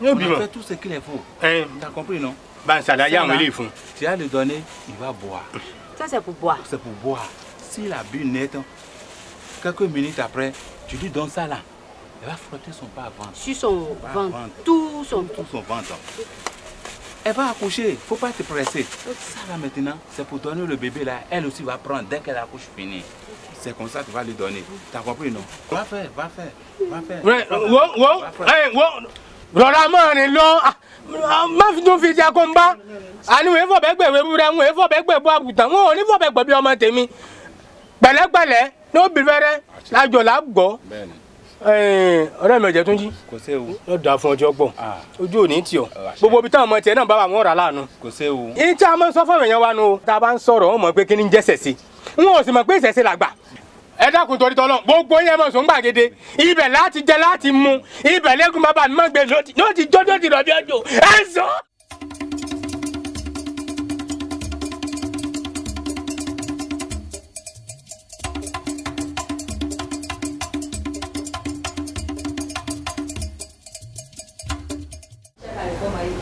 n y'o bímọ. on a fait tout ce qu'il faut. t'as compris non. Ben, ça y a Tu as le donner, il va boire. Ça, c'est pour boire. C'est pour boire. Si la bu net, hein, quelques minutes après, tu lui donnes ça là. Elle va frotter son pas avant. Sur son ventre. Tout son Tout son ventre. Hein. Elle va accoucher. faut pas te presser. Ça là maintenant, c'est pour donner le bébé là. Elle aussi va prendre dès qu'elle accouche finie. C'est comme ça que tu vas lui donner. T'as compris, non Va faire, va faire, va faire. Ouais, wow, wow, hey, wow. est là. Ah. má fi tún fi ṣe akóńbá àní wọn fọbẹ gbẹwé wúrẹ wọn fọbẹ gbẹbọ àgùntàn wọn ò ní fọbẹ gbẹbí ọmọ tèmi pẹ̀lẹ́pẹ̀lẹ́ ní ó bì fẹrẹ lájọ ọ̀rẹ́ mi ọ̀jẹ̀ tún jí yóò dáa fún ọjọ́ gbọ̀n ojú òní tì gbogbo ibi táwọn ọmọ tiẹ̀ náà bá wà wọ́n rà láàánú. ìyí tí a máa ń sọ fún èèyàn wa nu o tá a bá ń sọ̀rọ̀ wọn mọ̀ pé kí ni ń jẹ́sẹ̀ sí ò sì mọ̀ pé ìṣẹ̀ṣẹ̀ làgbà ẹ dákun torí tọlọ gbogbo yẹn mọ sọgbà gèdè ibẹ̀ láti jẹ láti mu ibẹ̀ lẹkùn bàbá mi máa gbé ló ti jọ ló ti rọ bí ọjọ́ ẹ sọ.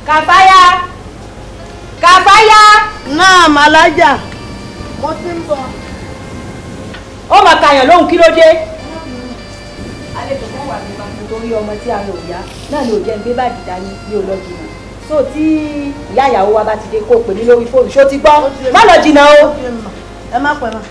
kàfáyà kàfáyà. náà màlájà mo ti ń bọ̀ ó mà kàyàn lóhùn kí ló dé. àlejò kan wà nípa nítorí ọmọ tí a lò yá náà ni ò jẹ́ ń gbé báàgì dání ní olóògì náà so tí ìyá ìyàwó wa bá ti dé kó pè mí lórí fóònù ṣó ti gbọ́ má lọ jìnnà o. ẹ má pẹ́ mọ́.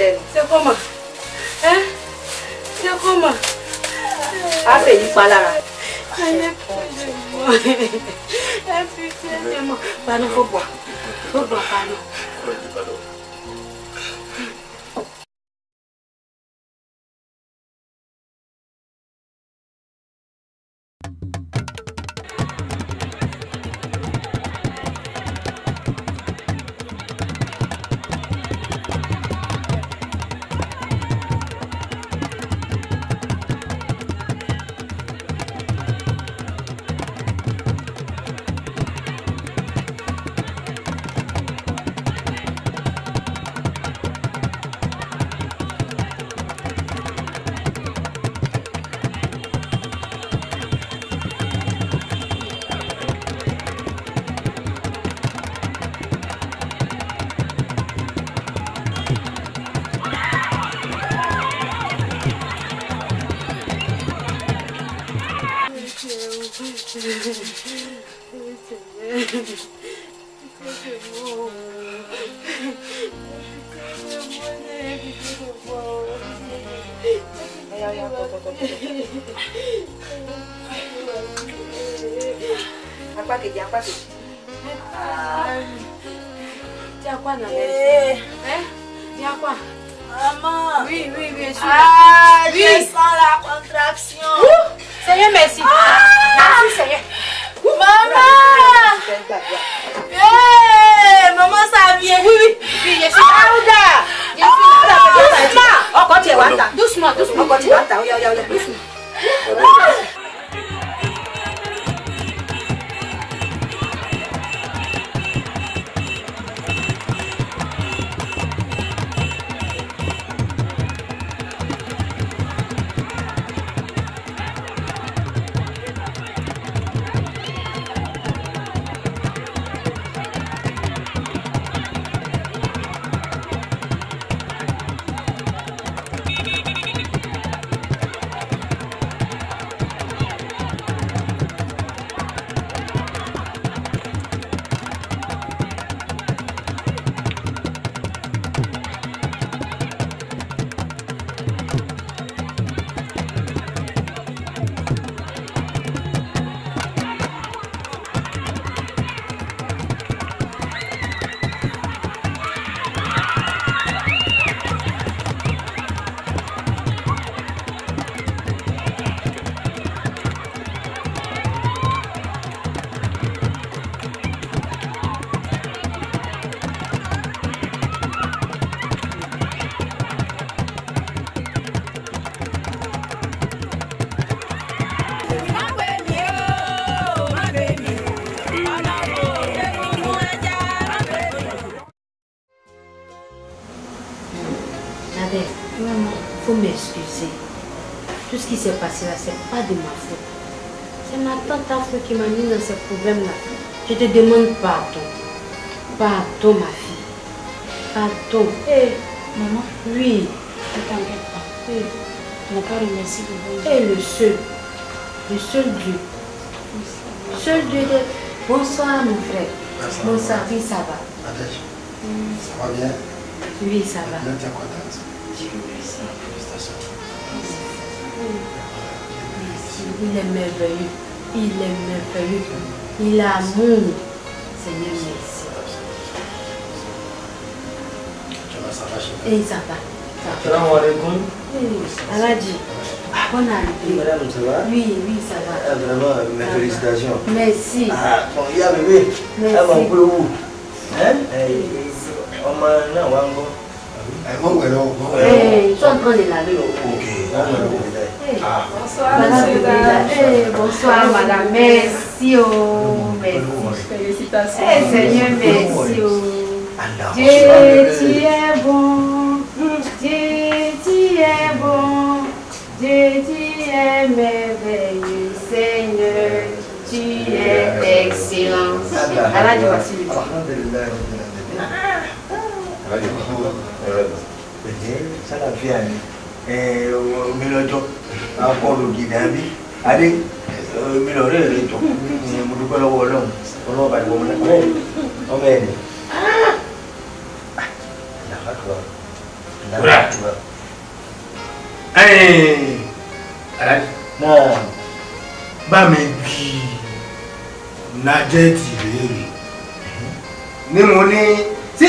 lẹ́nu. ṣé kọ́ mọ̀. pas de ma C'est ma tante Afro hein, qui m'a mis dans ce problème là Je te demande pardon. Pardon, ma fille. Pardon. Hé, eh, maman. Oui. Ne t'inquiète pas. Hey. On n'a pas remercié le bon Dieu. Eh, le seul. Le seul Dieu. Le seul Dieu de... Bonsoir, mon frère. Bonsoir, Bonsoir. oui, ça va. ça va bien Oui, ça va. Je vous remercie. Félicitations. Merci. Il est merveilleux. Il est merveilleux. Il a Seigneur, merci. Et eh, ça va. Salam alaikum. Eh, Aladji, ça va Oui, oui, ça va. Ah, vraiment, mes félicitations. Merci. Ah, y a bébé. Merci. Ah, vous Hein eh, On m'a on On ah. Bonsoir, madame. bonsoir, madame. Merci, oh, Félicitations. Seigneur, merci, oh. Dieu, tu bon. Dieu, tu bon. Dieu, tu merveilleux, Seigneur. Tu es excellent. Allah, tu vas la mi lọ́jọ́ akọlù gìdàbí adé mi lọ rẹ̀ rẹ̀ jọ mo dúpẹ́ lọ́wọ́ ọlọ́run ọlọ́run bàjẹ́ ọmọ náà bá mi bí Nàjẹ́tì léèrè ni mo ní sí.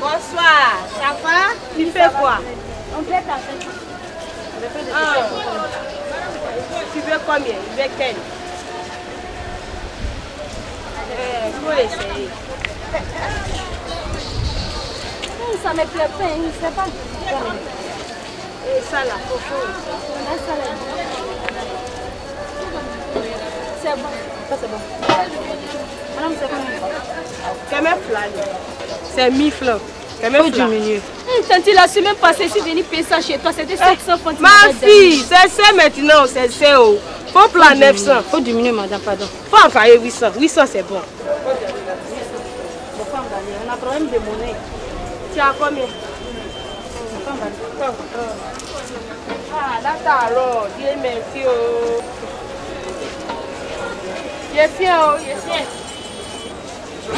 bonsoir. Ça va Tu fais quoi On fait ta fête. Ah. Tu veux combien Tu veux quel Il eh, faut essayer. Oh, ça me plaît pas, il ne sais pas. Et eh, ça là, C'est bon. Ça c'est bon. Madame, c'est combien C'est 1000 Faut diminuer. Hum, la semaine passée, je suis payer ça chez toi. C'était eh, Ma fille, c'est ça maintenant, c'est ça. Oh. Faut Faut diminuer, madame, pardon. Faut envoyer 800. 800, c'est bon. On a problème de monnaie. Tu as combien Ah, ça, alors. Dieu merci. Oh. Oh, My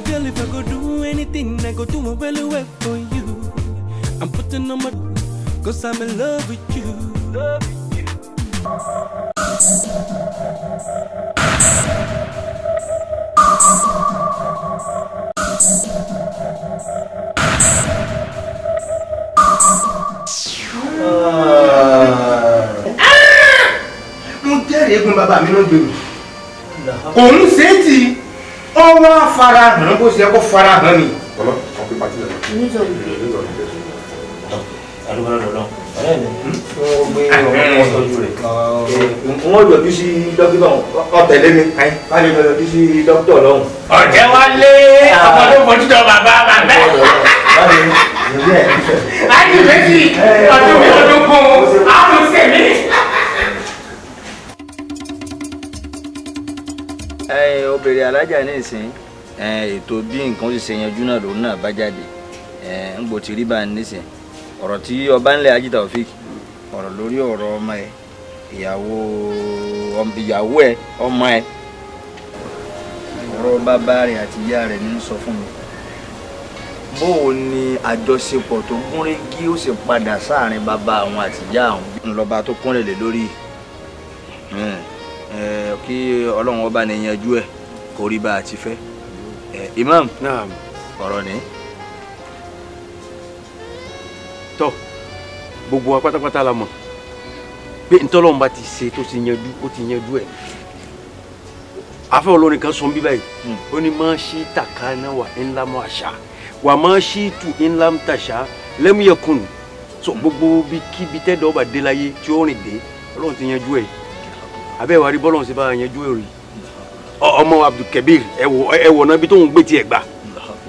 girl, if I go do anything, I go do my well for you. I'm putting on my Cause I'm in love with you. Love with ah! you. mo jẹ́rìí egun bàbá mi ló ń gbèrú òun ṣe é ti ọwọ́ afárahàn bó ṣe kó farahàn mi. ọlọ́pàá ọ̀pẹ pàtí lẹ́nu. nítorí pé àdúgbò lọ́dọ̀ ọ̀rẹ́ mi wọ́n hmm? gbé ọmọ tọ́jú rẹ̀ wọ́n yọjú sí dókítà ọ̀tẹ̀lé mi ká lè yọjú sí dókítà lọ́hùn. ọ̀jẹ̀ wá lé ah. ọmọ tó fojú dọ bàbá bàbá. láti méjì ọdún mi ọdún kún àrùn sèmi. obìnrin alájà ní ìsìn ètò bí nǹkan ti ṣe yanjú náà lòun náà bá jáde ń gbòtì rí bá a nísìn ọ̀rọ̀ tí ọba ńlẹ̀ ajita ofik ọ̀rọ̀ lórí ọ̀rọ̀ ọmọ ẹ ìyàwó ìyàwó ẹ ọmọ ẹ ọ̀rọ̀ bàbá rẹ̀ àti ìyá rẹ̀ ní sọ fún mi bóò ni àjọṣepọ̀ tó gúnrégí ó sì padà sáàrin bàbá àwọn àtìyá àwọn. ńlọba tó kúnlẹ̀ lé lórí kí ọlọ́run ọba ni yanjú ẹ̀ kó rí fẹ́. imam ọ̀rọ̀ ni. Nah tọ́ gbogbo wa pátápátá la mọ̀ pé ntọ́lọ́run bá ti ṣe tó ti yanjú ó ti yanjú ẹ̀ afẹ́ olórin kan sọ bíbá yìí hmm. ó ní máa ṣí takana wà ńlá mọ́ àṣà wà máa ṣí tù ńlá ń tàṣà lẹ́múyẹ̀kùn sọ gbogbo bí kíbi tẹ́dọ̀ ọba dé láyé tí ó rìn dé ọlọ́run ti yanjú ẹ̀ abẹ́ ìwà rí bọ́lọ́run ṣe bá yanjú ẹ̀ rí ọmọ Abdulkabir ẹ̀wọ̀ náà bí tóun gbé tiẹ̀ gbà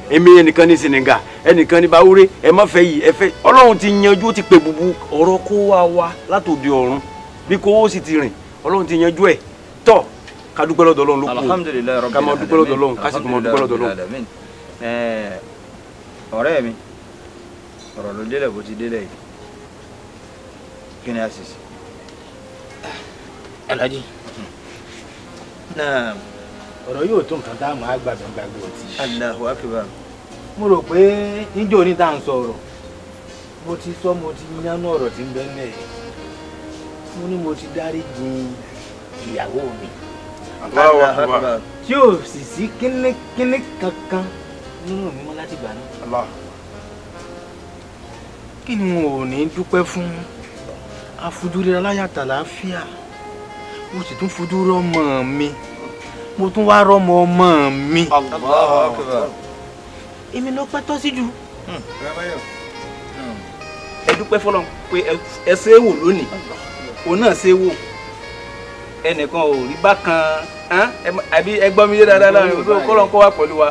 èmi ẹnìkan ní senegal ẹnìkan ní bawure ẹ má fẹ́ yìí ẹ fẹ́ ọlọ́run ti yanjú ó ti pè bubu ọ̀rọ̀ kó wá wá látòdì ọ̀run bí kówó sì ti rìn ọlọ́run ti yanjú ẹ̀ tọ́ ká dúpẹ́ lọ́dọ̀ ọlọ́run ló kú o ká máa dúpẹ́ lọ́dọ̀ ọlọ́run ká sì tún máa dúpẹ́ lọ́dọ̀ ọlọ́run. ọ̀rẹ́ mi ọ̀rọ̀ ló délẹ̀ bó ti délẹ̀ yìí kí ni a sì sí. alhaji náà ọ̀rọ̀ yóò tó nǹkan táwọn àgbàdo gbàgbé ọtí. Allahu akbar. mo rò pé níjó ní tá à ń sọ ọ̀rọ̀ mo ti sọ mo ti yánú ọ̀rọ̀ tí ń bẹ nílẹ̀ yìí mo ní mo ti dárí jin ìyàwó mi. Allahu akbar. tí ò sì sí kínníkínní kankan nínú mi mọ́ láti gbà náà. kí ni mo ò ní dúpẹ́ fún afudurira láyàtà láàfíà mo sì tún fojú rọ́mọ mi mo tún wá rọmọ ọmọ mi. èmi ló pẹ́ tọ́ sí jù. Hmm. ẹ dúpẹ́ fọlọ́n pé ẹ ṣe é wò lónìí òun náà ṣe é wò ẹnìkan ò rí bákan àbí ẹ gbọ́ mi yé dáadáa láàrin òṣèlú kọ́lọ́n kọ́ wà pẹ̀lú wa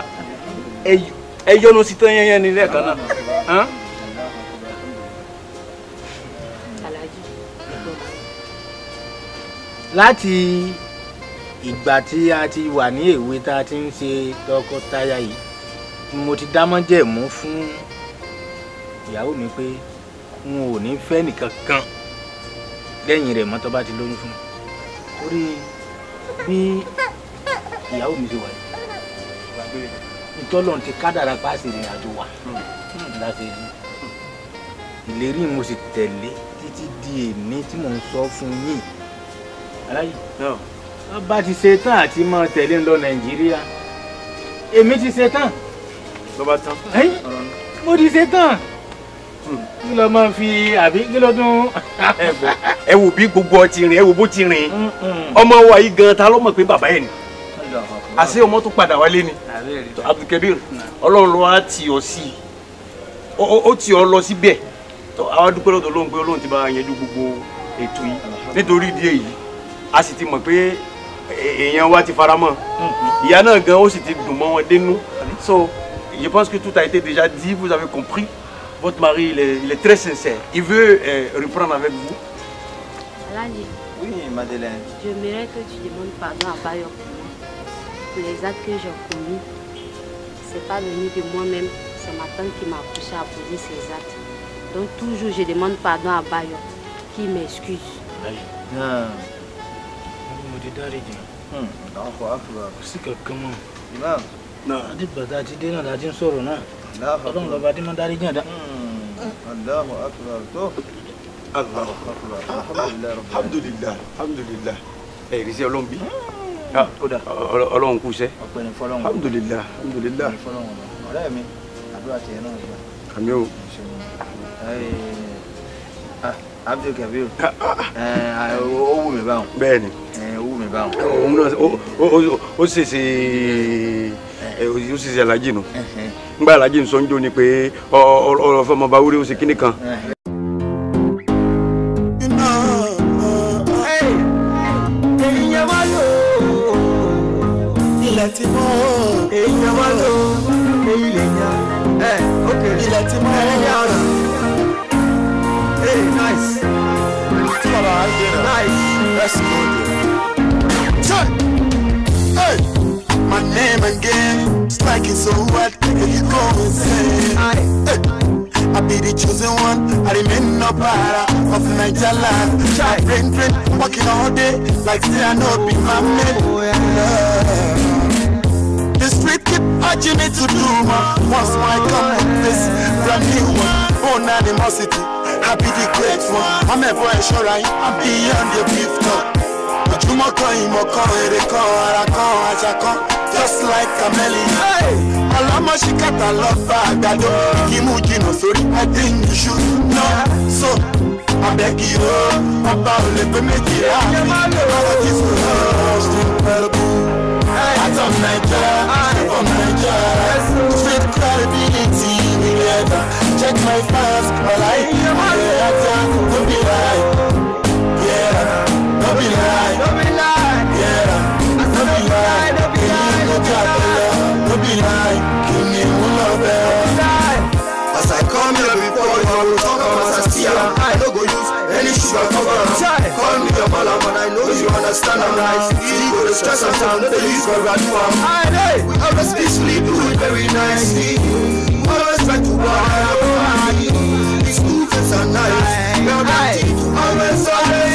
ẹ yọnu sí tán yẹn yẹn ní lẹ́ẹ̀kan náà. láti ìgbà tí a ti wà ní èwe tá a ti ń ṣe tọkọtaya yìí mo ti dámọ́jẹ̀mú fún ìyàwó mi pé n ò ní fẹ́ nìkan kan lẹ́yìn rẹ̀ mọ́ bá ti lóyún fún mi torí bí ìyàwó mi ṣe wà yìí ìtọ́lọ́n ti kádàrá páàsì ìrìn àjò wa láti rí ìlérí mo sì tẹ̀lé títí di èmi tí mò ń sọ fún yín aláyé wọ́n bá ti ṣe tán àti máa tẹ̀lé ń lọ nàìjíríà èmi ti ṣe tán. ló bá tán. mo ti ṣe tán hmm. kí ló máa fi àbí kí ló dún. ẹ wò bí gbogbo ọtí rìn ẹ wò bó ti rìn hmm, hmm. ọmọ wa yìí gan ta ló mọ̀ pé bàbá ẹ̀ ni àṣé ọmọ tó padà wálé ni Abdulkabir ọlọ́run ló á tì ọ́ sí i ó tì ọ́ lọ síbẹ̀ tó àwọn dúpẹ́ lọ́dọ̀ lóhùn pé Ọlọ́run ti bá yanjú gbogbo ètò yìí nítorí ìdí èyí a sì ti mọ̀ pé Il wa ti il y en a gan ó so je pense que tout a été déjà dit vous avez compris votre mari il est, très sincère il veut euh, reprendre avec vous. Aladi. Oui Madeleine. J'aimerais que tu demandes pardon à Bayo pour les actes que j'ai commis c'est pas venu de moi-même c'est ma tante qui m'a poussé à poser ces actes donc toujours je demande pardon à Bayo qui m'excuse. Ah. Di dari Allahu akbar. kò sí kankan mọ́. náà àti bàtà àti dé náà láti ń sọ̀rọ̀ náà. ọlọ́run lọ́ba tí wọ́n dáríjì náà dá. Hmm. Allahu akbar tó. Allahu akbar alhamdulilayi alhamdulilayi ẹ̀rí sí ọlọ́run bí. Hmm. Ah, ọlọ́run kú sẹ́. ọ̀pẹ̀ni fọlọ́run. alhamdulilayi alhamdulilayi. ọ̀rẹ́ mi àdúrà tiẹ̀ náà gbà. àmì o. Ah, Abdul Kabir ah, ó wù mí báwọn. bẹ́ẹ̀ni báwọn. òun náà ó ṣèṣe ó ṣèṣe alájì nù ngbà alájì ń sọ ń jó ni pé ọ̀rọ̀ fọmọba wúrí ó ṣe kíní kan. so what can you go and say? I, I be the chosen one, I remain no para of Niger land. I brain, brain, working all day, like say I know be my man. Oh, the street keep urging me to do more. Once my I come with this brand new one, own animosity. I be the great one, I'm ever sure I am beyond the gift of. Ojúmọ́ kan more kan they call, I call, I call just like Kameli. Ọlọ́mọ ṣì kàtà lọ fa àgbàdo. sorry, I think you should know. So abẹ́kì o, ọba ò lè pé méjì rẹ̀ àmì. Ọ̀rọ̀ ti sùn lọ, ṣe pẹ̀lú. Àtọ̀ Nàìjẹ́, àtọ̀ Nàìjẹ́. Street credibility ni ẹ̀dá. Check my fans, ọ̀la ìyá mi don't be lie, yeah, don't be lie. your but I know you understand I'm nice ah. You go to stress and the least where I i We always peacefully do very nicely try to buy our These movements are nice We're not always always